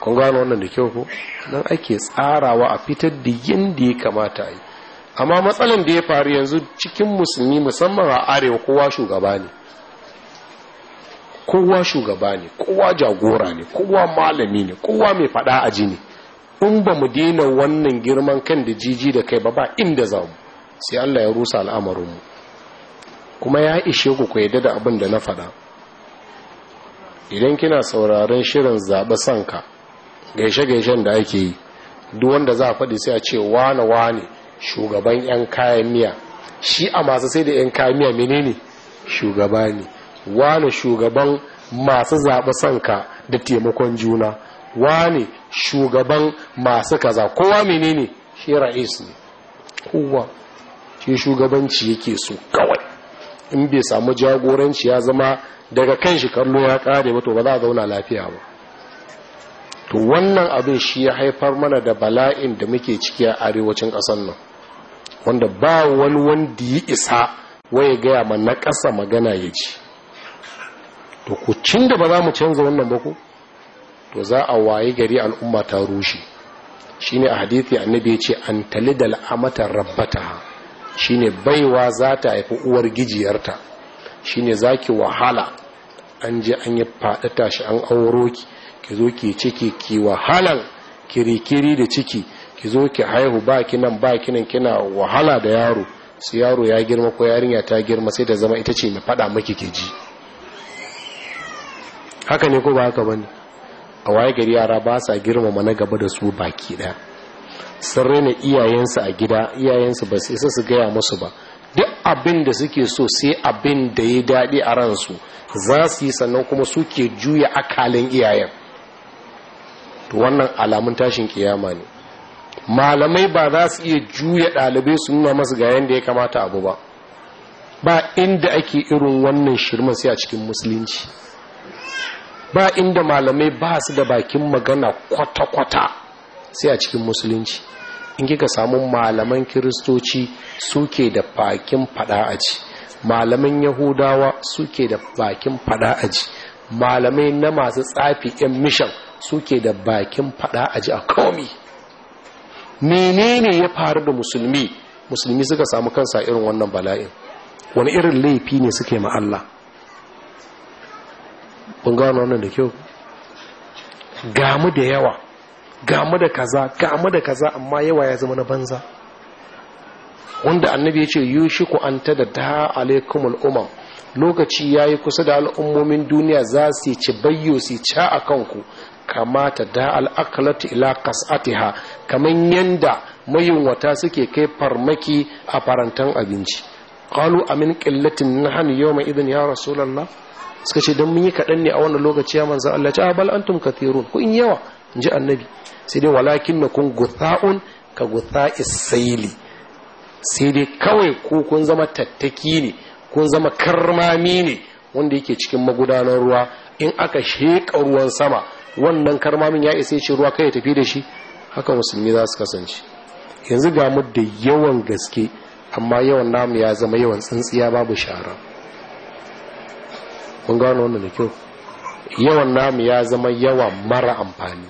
kun gano wannan da kyau ko nan ake tsarawa a fitar da yin da ya kamata a yi amma matsalan da ya faru yanzu cikin musulmi musamman a arewa kowa shugaba ne kowa shugaba ne kowa jagora ne kowa malami ne kowa mai fada a jini in ba mu daina wannan girman kan da jiji da kai ba ba inda za mu sai Allah ya rusa al'amarinmu kuma ya ishe ku ku yadda da abin da na fada idan kina sauraron shirin zaɓe sanka gaishe-gaishen da ake yi duk wanda za a faɗi sai a ce wane wane shugaban yan kayan miya shi a masu sai da yan kayan miya menene shugaba ne wani shugaban masu zaɓi sanka da taimakon juna wani shugaban masu kaza kowa menene shi ra'is ne kowa shi shugabanci yake so kawai in bai samu jagoranci ya zama daga kan shi kallo ya ƙare ba to ba za a zauna lafiya ba to wannan abin shi ya haifar mana da bala'in da muke ciki a arewacin ƙasar nan wanda ba wani wanda ya isa waya gaya ma na ƙasa magana ya ji to ku cin da ba za mu canza wannan ba ku to za a waye gari al'umma ta rushe Shi ne a hadithi annabi ya ce an tali da amata rabbata ne baiwa za ta haifi uwar gijiyarta za ki wahala an je an yi faɗa tashi an auro ki ki zo ki ciki ki wahalan kirikiri da ciki ki zo ki haihu ba ki nan ba ki nan kina wahala da yaro su yaro ya girma ko yarinya ta girma sai da zama ita ce mai fada maki ke ji haka ne ko ba haka bane a waye gari yara ba sa girmama na gaba da su baki ɗaya sun raina iyayensu a gida iyayensu ba su isa su gaya musu ba duk abin da suke so sai abin da ya daɗi a ransu za su yi sannan kuma suke juya akalin iyayen to wannan alamun tashin kiyama ne malamai ba za su iya juya ɗalibai su nuna masu ga yadda ya kamata abu ba ba inda ake irin wannan shirman sai a cikin musulunci ba inda malamai ba su da bakin magana kwata-kwata sai a cikin musulunci in kika samu malaman kiristoci suke da bakin fada aji malaman yahudawa suke da bakin fada aji malamai na masu tsafi yan mishan suke da bakin fada aji a komi menene ya faru da musulmi musulmi suka samu kansa irin wannan bala'in wani irin laifi ne suke ma Allah kun gano wannan da kyau gamu da yawa gamu da kaza gamu da kaza amma yawa ya zama na banza wanda annabi ya ce yushiku an ta da ta alaikumul umam lokaci ya yi kusa da al'ummomin duniya za su ci bayyo su ca a kanku kamata da al'akalata ila kas'atiha kamar yanda mayunwata suke kai farmaki a farantan abinci qalu amin qillatin nahnu mai idhin ya rasulullah suka ce dan mun yi kadan ne a wannan lokaci ya manzo Allah ce ah, bal antum kathirun ku in yawa inji annabi sai dai walakinnakum guthaun ka gutha'is sayli sai dai kawai ku kun zama tattaki ne kun zama karmami ne wanda yake cikin magudanar ruwa in aka sheƙa ruwan sama wannan karmamin ya isa ce ruwa kai ya tafi da shi haka musulmi za su kasance yanzu ga mu da yawan gaske amma yawan namu ya zama yawan tsintsiya babu shara mun gano wannan da kyau yawan namu ya zama yawa mara amfani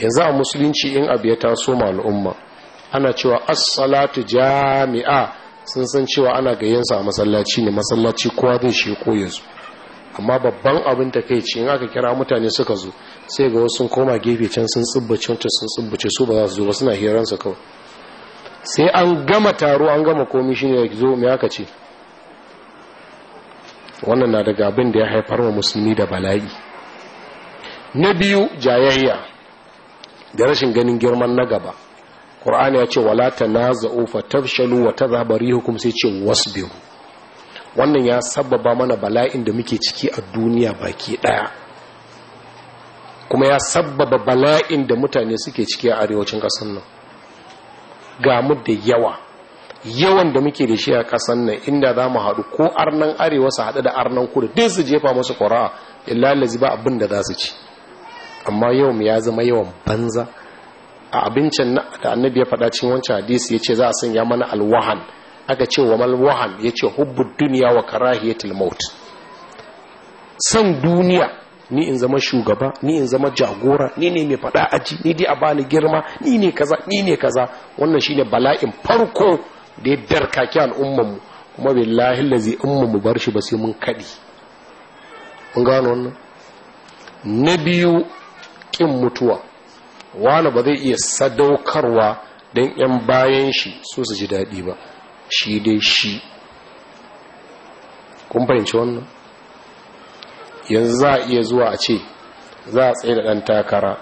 yanzu a musulunci in abu ya taso ma al'umma ana cewa asalatu jami'a sun san cewa ana gayyansa a masallaci ne masallaci kowa zai shi ko amma babban abin ta kai ce in aka kira mutane suka zo sai ga wasu koma gefe can sun tsibbace wancan sun tsibbace su ba za su zo ba suna hiransa kawai sai an gama taro an gama komi shi ne zo mai aka ce wannan na daga abin da ya haifar wa musulmi da bala'i na biyu jayayya da rashin ganin girman na gaba ƙur'ani ya ce wala ta na za'ufa tafshalu wa ta zabari hukum sai ce wasbiru wannan ya sababa mana bala'in da muke ciki a duniya baki daya kuma ya sababa bala'in da mutane suke ciki a arewacin ƙasar nan ga mu da yawa yawan da muke da shi a ƙasar nan inda za mu haɗu ko arnan arewa su haɗu da arnan kudu dai su jefa musu ƙura'a illa ba abin da za su ci amma yawan ya zama yawan banza a abincin da annabi ya faɗa cikin wancan hadisi ya ce za a sanya mana alwahan aka ce wa malwahan ya ce hubbun duniya wa karahiyatul maut san duniya ni in zama shugaba ni in zama jagora ni ne mai faɗa aji ni dai a bani girma ni ne kaza ni ne kaza wannan shine bala'in farko da ya darkaki al'ummar mu kuma billahi da ummu mu bar shi ba sai mun kadi mun gano wannan na biyu kin mutuwa wani ba zai iya sadaukarwa don 'yan bayan shi so su ji daɗi ba shi dai shi kun fahimci wannan yanzu za a iya zuwa a ce za a tsaye da ɗan takara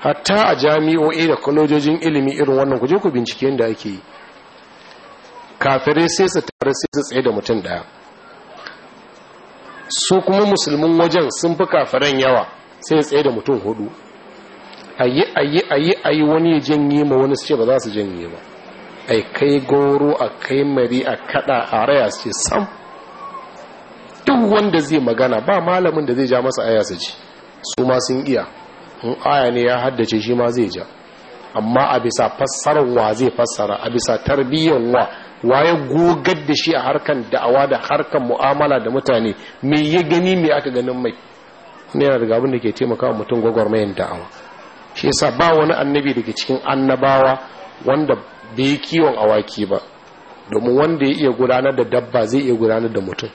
hatta a jami'o'i da kwalojojin ilimi irin wannan kuje ku bincike da ake yi kafirai sai su tare sai su tsaye da mutum ɗaya su kuma musulmin wajen sun fi kafiran yawa sai su tsaye da mutum hudu ayi ayi ayi ayi wani ya janye ma wani su ce ba za su janye ba a kai goro a kai mari a kada a raya ce sam duk wanda zai magana ba malamin da zai ja masa aya su ji su ma sun iya in aya ne ya haddace shi ma zai ja amma a bisa fassarar wa zai fassara a bisa tarbiyyar wa waye gogar da shi a harkan da'awa da harkan mu'amala da mutane me ya gani me aka ganin mai ne yana daga abin da ke taimakawa mutum gwagwarmayin da'awa shi yasa ba wani annabi daga cikin annabawa wanda bai yi kiwon awaki ba domin wanda ya iya gudanar da dabba zai iya gudanar da mutum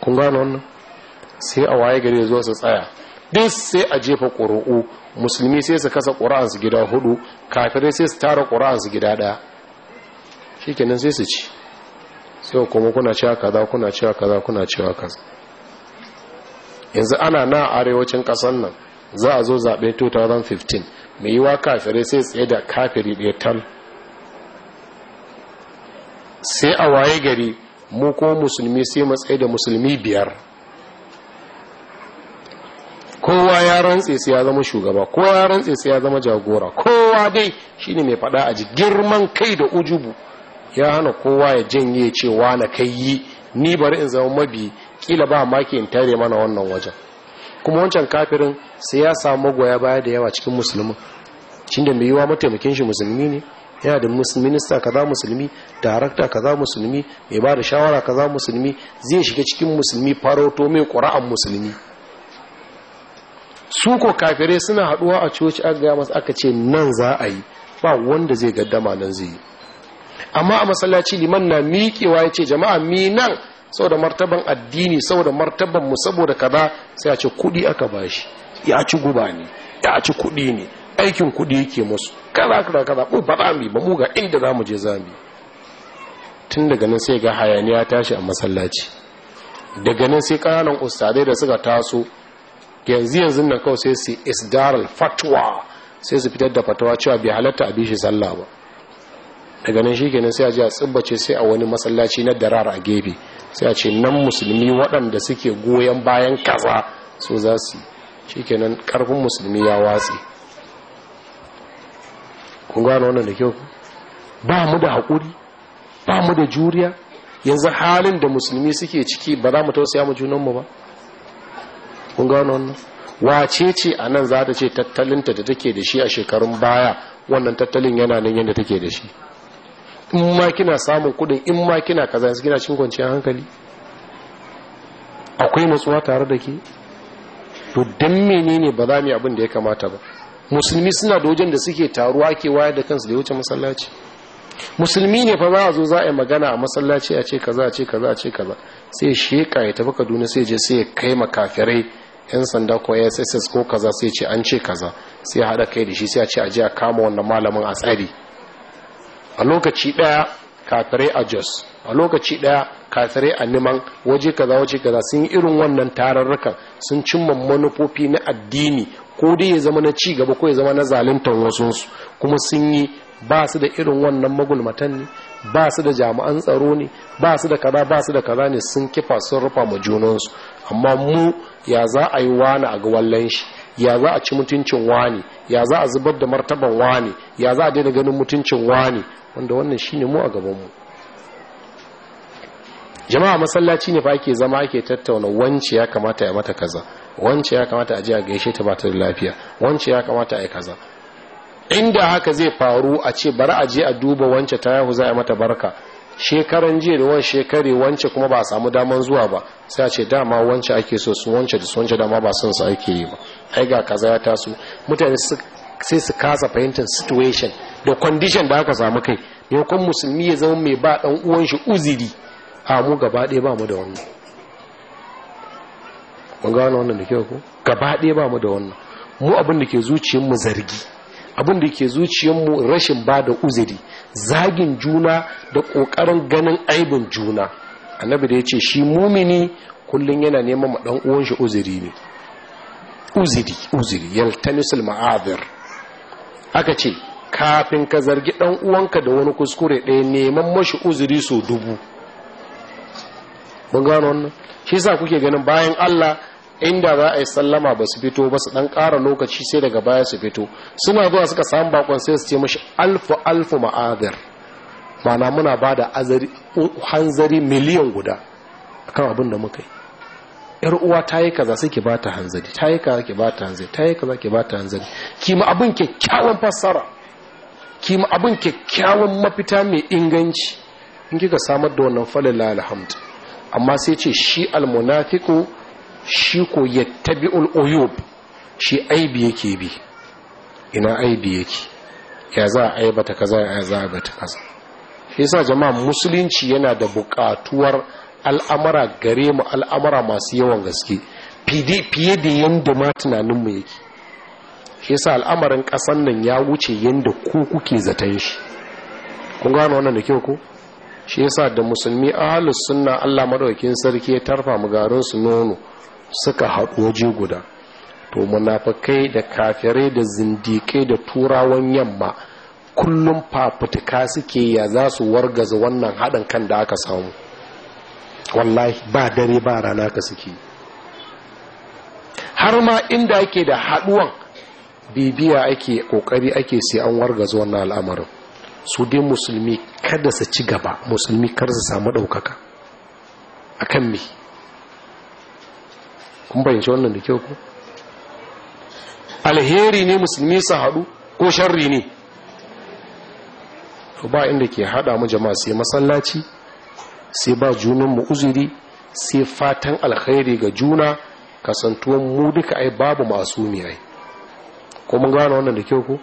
kun gano wannan sai a waye gare zuwa su tsaya duk sai a jefa ƙuru'u musulmi sai su kasa su gida hudu kafirai sai su tara su gida ɗaya kenan sai su ci sai kuma kuna cewa kaza kuna cewa kaza kuna cewa kaza yanzu ana na arewacin ƙasar nan za a zo zaɓe 2015 mai yiwa tsare sai tsaye da kafiri ɗaya tal sai a waye gari mu ko musulmi sai matsayi da musulmi biyar kowa ya rantse sai ya zama shugaba kowa ya rantse sai ya zama jagora kowa dai shine mai fada a ji girman kai da ujubu ya hana kowa ya janye cewa na kai yi ni bari in zama mabi kila ba maki in tare mana wannan wajen kuma wancan kafirin sai ya samu magoya baya da yawa cikin musulmi cin da mai yiwa mataimakin shi musulmi ne yana da minista kaza musulmi darakta kaza musulmi mai ba da shawara kaza musulmi zai shiga cikin musulmi faroto mai ƙura'an musulmi su ko kafirai suna haɗuwa a coci a gaya masu aka ce nan za a yi ba wanda zai gaddama nan zai yi amma a masallaci liman na miƙewa ya ce jama'a mi nan saboda martaban addini saboda martaban mu saboda kaza sai a ce kudi aka bashi ya ci guba ne ya ci kudi ne aikin kudi yake musu kaza kaza kaza ko ba za mu ba mu ga inda zamu je zamu tun daga nan sai ga hayaniya tashi a masallaci daga nan sai kananan ustadai da suka taso yanzu yanzu nan kawai sai su isdaral fatwa sai su fitar da fatawa cewa bai halatta a bishi sallah ba daga nan shikenan sai a ji a tsibbace sai a wani masallaci na darar a gefe sai a ce nan musulmi waɗanda suke goyon bayan kaza so za su shikenan karfin musulmi ya watsi kun gano wannan da kyau ba mu da haƙuri ba mu da juriya yanzu halin da musulmi suke ciki ba za mu tausaya mu junanmu ba kun gano wannan wace ce a nan za ta ce tattalinta da take da shi a shekarun baya wannan tattalin yana nan yadda take da shi in ma kina samun kudin in ma kina kaza kina cin kwanciyar hankali akwai matsuwa tare da ke to don menene ba za mu yi abin da ya kamata ba musulmi suna da wajen da suke taruwa ke wayar da kansu da ya wuce masallaci musulmi ne fa za a zo za a yi magana a masallaci a ce kaza a ce kaza a ce kaza sai sheka ya tafi kaduna sai je sai ya kai makafirai yan sanda ko sss ko kaza sai ce an ce kaza sai haɗa kai da shi sai a ce a je a kama wannan malamin a tsari a lokaci ɗaya kafirai a jos a lokaci ɗaya kafirai a neman waje kaza waje kaza sun yi irin wannan tararrukan sun cimma manufofi na addini ko dai ya zama na ci gaba ko ya zama na zaluntar wasunsu kuma sun yi ba su da irin wannan magulmatan ne ba su da jami'an tsaro ne ba su da kaza ba su da kaza ne sun kifa sun rufa ma junansu amma mu ya za a yi wani a ga wallan shi ya za a ci mutuncin wani ya za a zubar da martaban wani ya za a daina ganin mutuncin wani wanda wannan shine mu a gaban mu. jama'a masallaci ne fa ake zama ake tattauna wance ya kamata ya mata kaza wance ya kamata a je a gaishe ta ba ta lafiya wance ya kamata a yi kaza inda haka zai faru a ce bari a je a duba wance ta yahu za a mata barka shekaran jiya da wani shekare wance kuma ba a samu daman zuwa ba sai a ce dama wance ake so su wance da su wance dama ba son su ake yi ba ai ga kaza ya taso mutane su sai su kasa fahimtar situation da condition da aka samu kai kun musulmi ya zama mai ba dan uwan shi uziri a mu gaba ɗaya ba mu da wannan mun ga wannan da kyau ko gaba ɗaya ba mu da wannan mu abin da ke zuciyar mu zargi abin da ke zuciyar mu rashin ba da uziri zagin juna da kokarin ganin aibin juna annabi da yace shi mumini kullum yana neman ma ɗan uwan shi uziri ne uziri uziri yaltamisul ma'adir aka ce kafin ka zargi dan uwanka da wani kuskure ɗaya neman mashi uzuri so dubu mun gano wannan shi sa kuke ganin bayan Allah inda za a yi sallama ba su fito ba su ɗan ƙara lokaci sai daga baya su fito suna zuwa suka samu bakon sai su ce mashi alfu alfu ma'adar mana muna ba da hanzari miliyan guda kan abin da muka yi yar uwa ta yi kaza sai ki ba ta hanzari ta yi kaza ki ba ta hanzari ta yi kaza ki ba ta hanzari ki ma abin kyakkyawan fassara ki ma abin kyakkyawan mafita mai inganci in kika samar da wannan falala alhamd amma sai ce shi almunafiqu shi ko yattabi'ul uyub shi aibi yake bi ina aibi yake ya za a aibata kaza ya za a aibata kaza yasa jama'a musulunci yana da buƙatuwar al'amara gare mu al'amara masu yawan gaske fiye da yadda ma tunaninmu yake shi sa al'amarin ƙasan nan ya wuce yadda ku kuke zaton shi kun gano wannan da kyau ko shi sa da musulmi ahlus sunna Allah madaukakin sarki ya tarfa mu garin su nono suka haɗu waje guda to munafikai da kafirai da zindikai da turawan yamma kullum fafutuka suke ya za su wargaza wannan haɗin kan da aka samu wallahi ba dare ba rana ka suke har ma inda ake da haduwan bibiya ake kokari ake sai an wargaza wannan al'amarin su dai musulmi kada su ci gaba musulmi kar su samu ɗaukaka a kan me kun bayyance wannan da kyau ku alheri ne musulmi su haɗu ko sharri ne ba inda ke haɗa mu jama'a sai masallaci sai ba junanmu uzuri sai fatan alkhairi ga juna kasantuwan mu duka ai babu masu ai ko mun gano wannan da kyau ko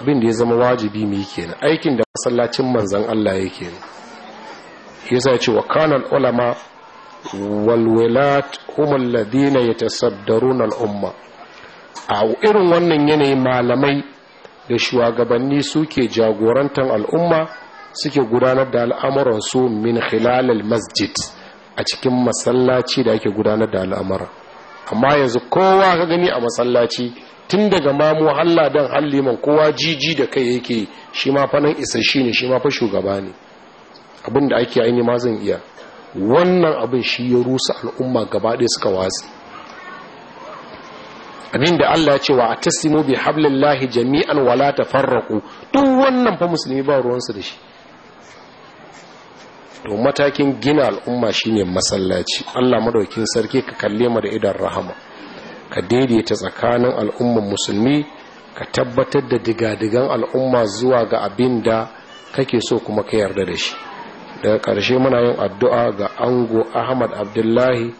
abin da ya zama wajibi mu yi kenan aikin da masallacin manzon Allah yake ne yasa ya ce wa kana ulama wal walat hum alladhina yatasaddaruna al umma a irin wannan yanayin malamai da shugabanni suke jagorantar al'umma suke gudanar da su min khilalal masjid a cikin masallaci da ake gudanar da al'amura amma yanzu kowa ka gani a masallaci tun daga mamu halla dan halliman kowa jiji da kai yake shi ma nan isasshe ne shi ma fa shugaba ne abin da ake aini ma zan iya wannan abin shi ya rusa al'umma gaba ɗaya suka watsi abin da Allah ya ce wa atasimu bi hablillahi jami'an wala tafarraqu duk wannan fa musulmi ba ruwansa da shi to matakin gina al'umma shine masallaci Allah madaukin sarki ka kalle mu da idan rahama ka daidaita tsakanin al'umman musulmi ka tabbatar da digadigan al'umma zuwa ga abin da kake so kuma ka yarda da shi daga karshe muna yin addu'a ga ango ahmad abdullahi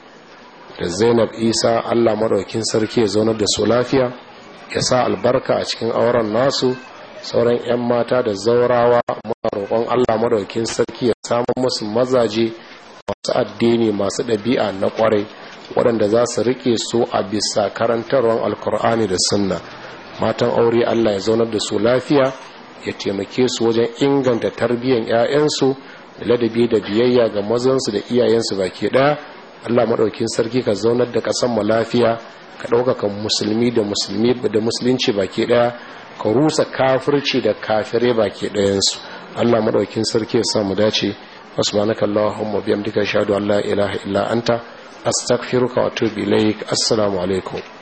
da zainab isa allah maɗaukin sarki ya zauna da su lafiya ya sa albarka a cikin auren nasu sauran 'yan mata da zaurawa muna roƙon allah madaukin sarki ya samun musu mazaje masu addini masu ɗabi'a na ƙwarai waɗanda za su riƙe su a bisa karantarwar alkur'ani da sunna matan aure allah ya zaunar da su lafiya ya taimake su wajen inganta tarbiyyar 'ya'yansu da ladabi da biyayya ga mazansu da iyayensu baki ɗaya allah maɗaukin sarki ka zaunar da ƙasar lafiya ka ɗaukaka musulmi da musulmi da musulunci baki ɗaya ka rusa kafirci da kafire baki ɗayansu allah maɗaukin sarki ya samu dace wasu allahumma biyam duka shaɗu allah ilaha illa anta astaghfiruka wa atubu ilaik assalamu alaikum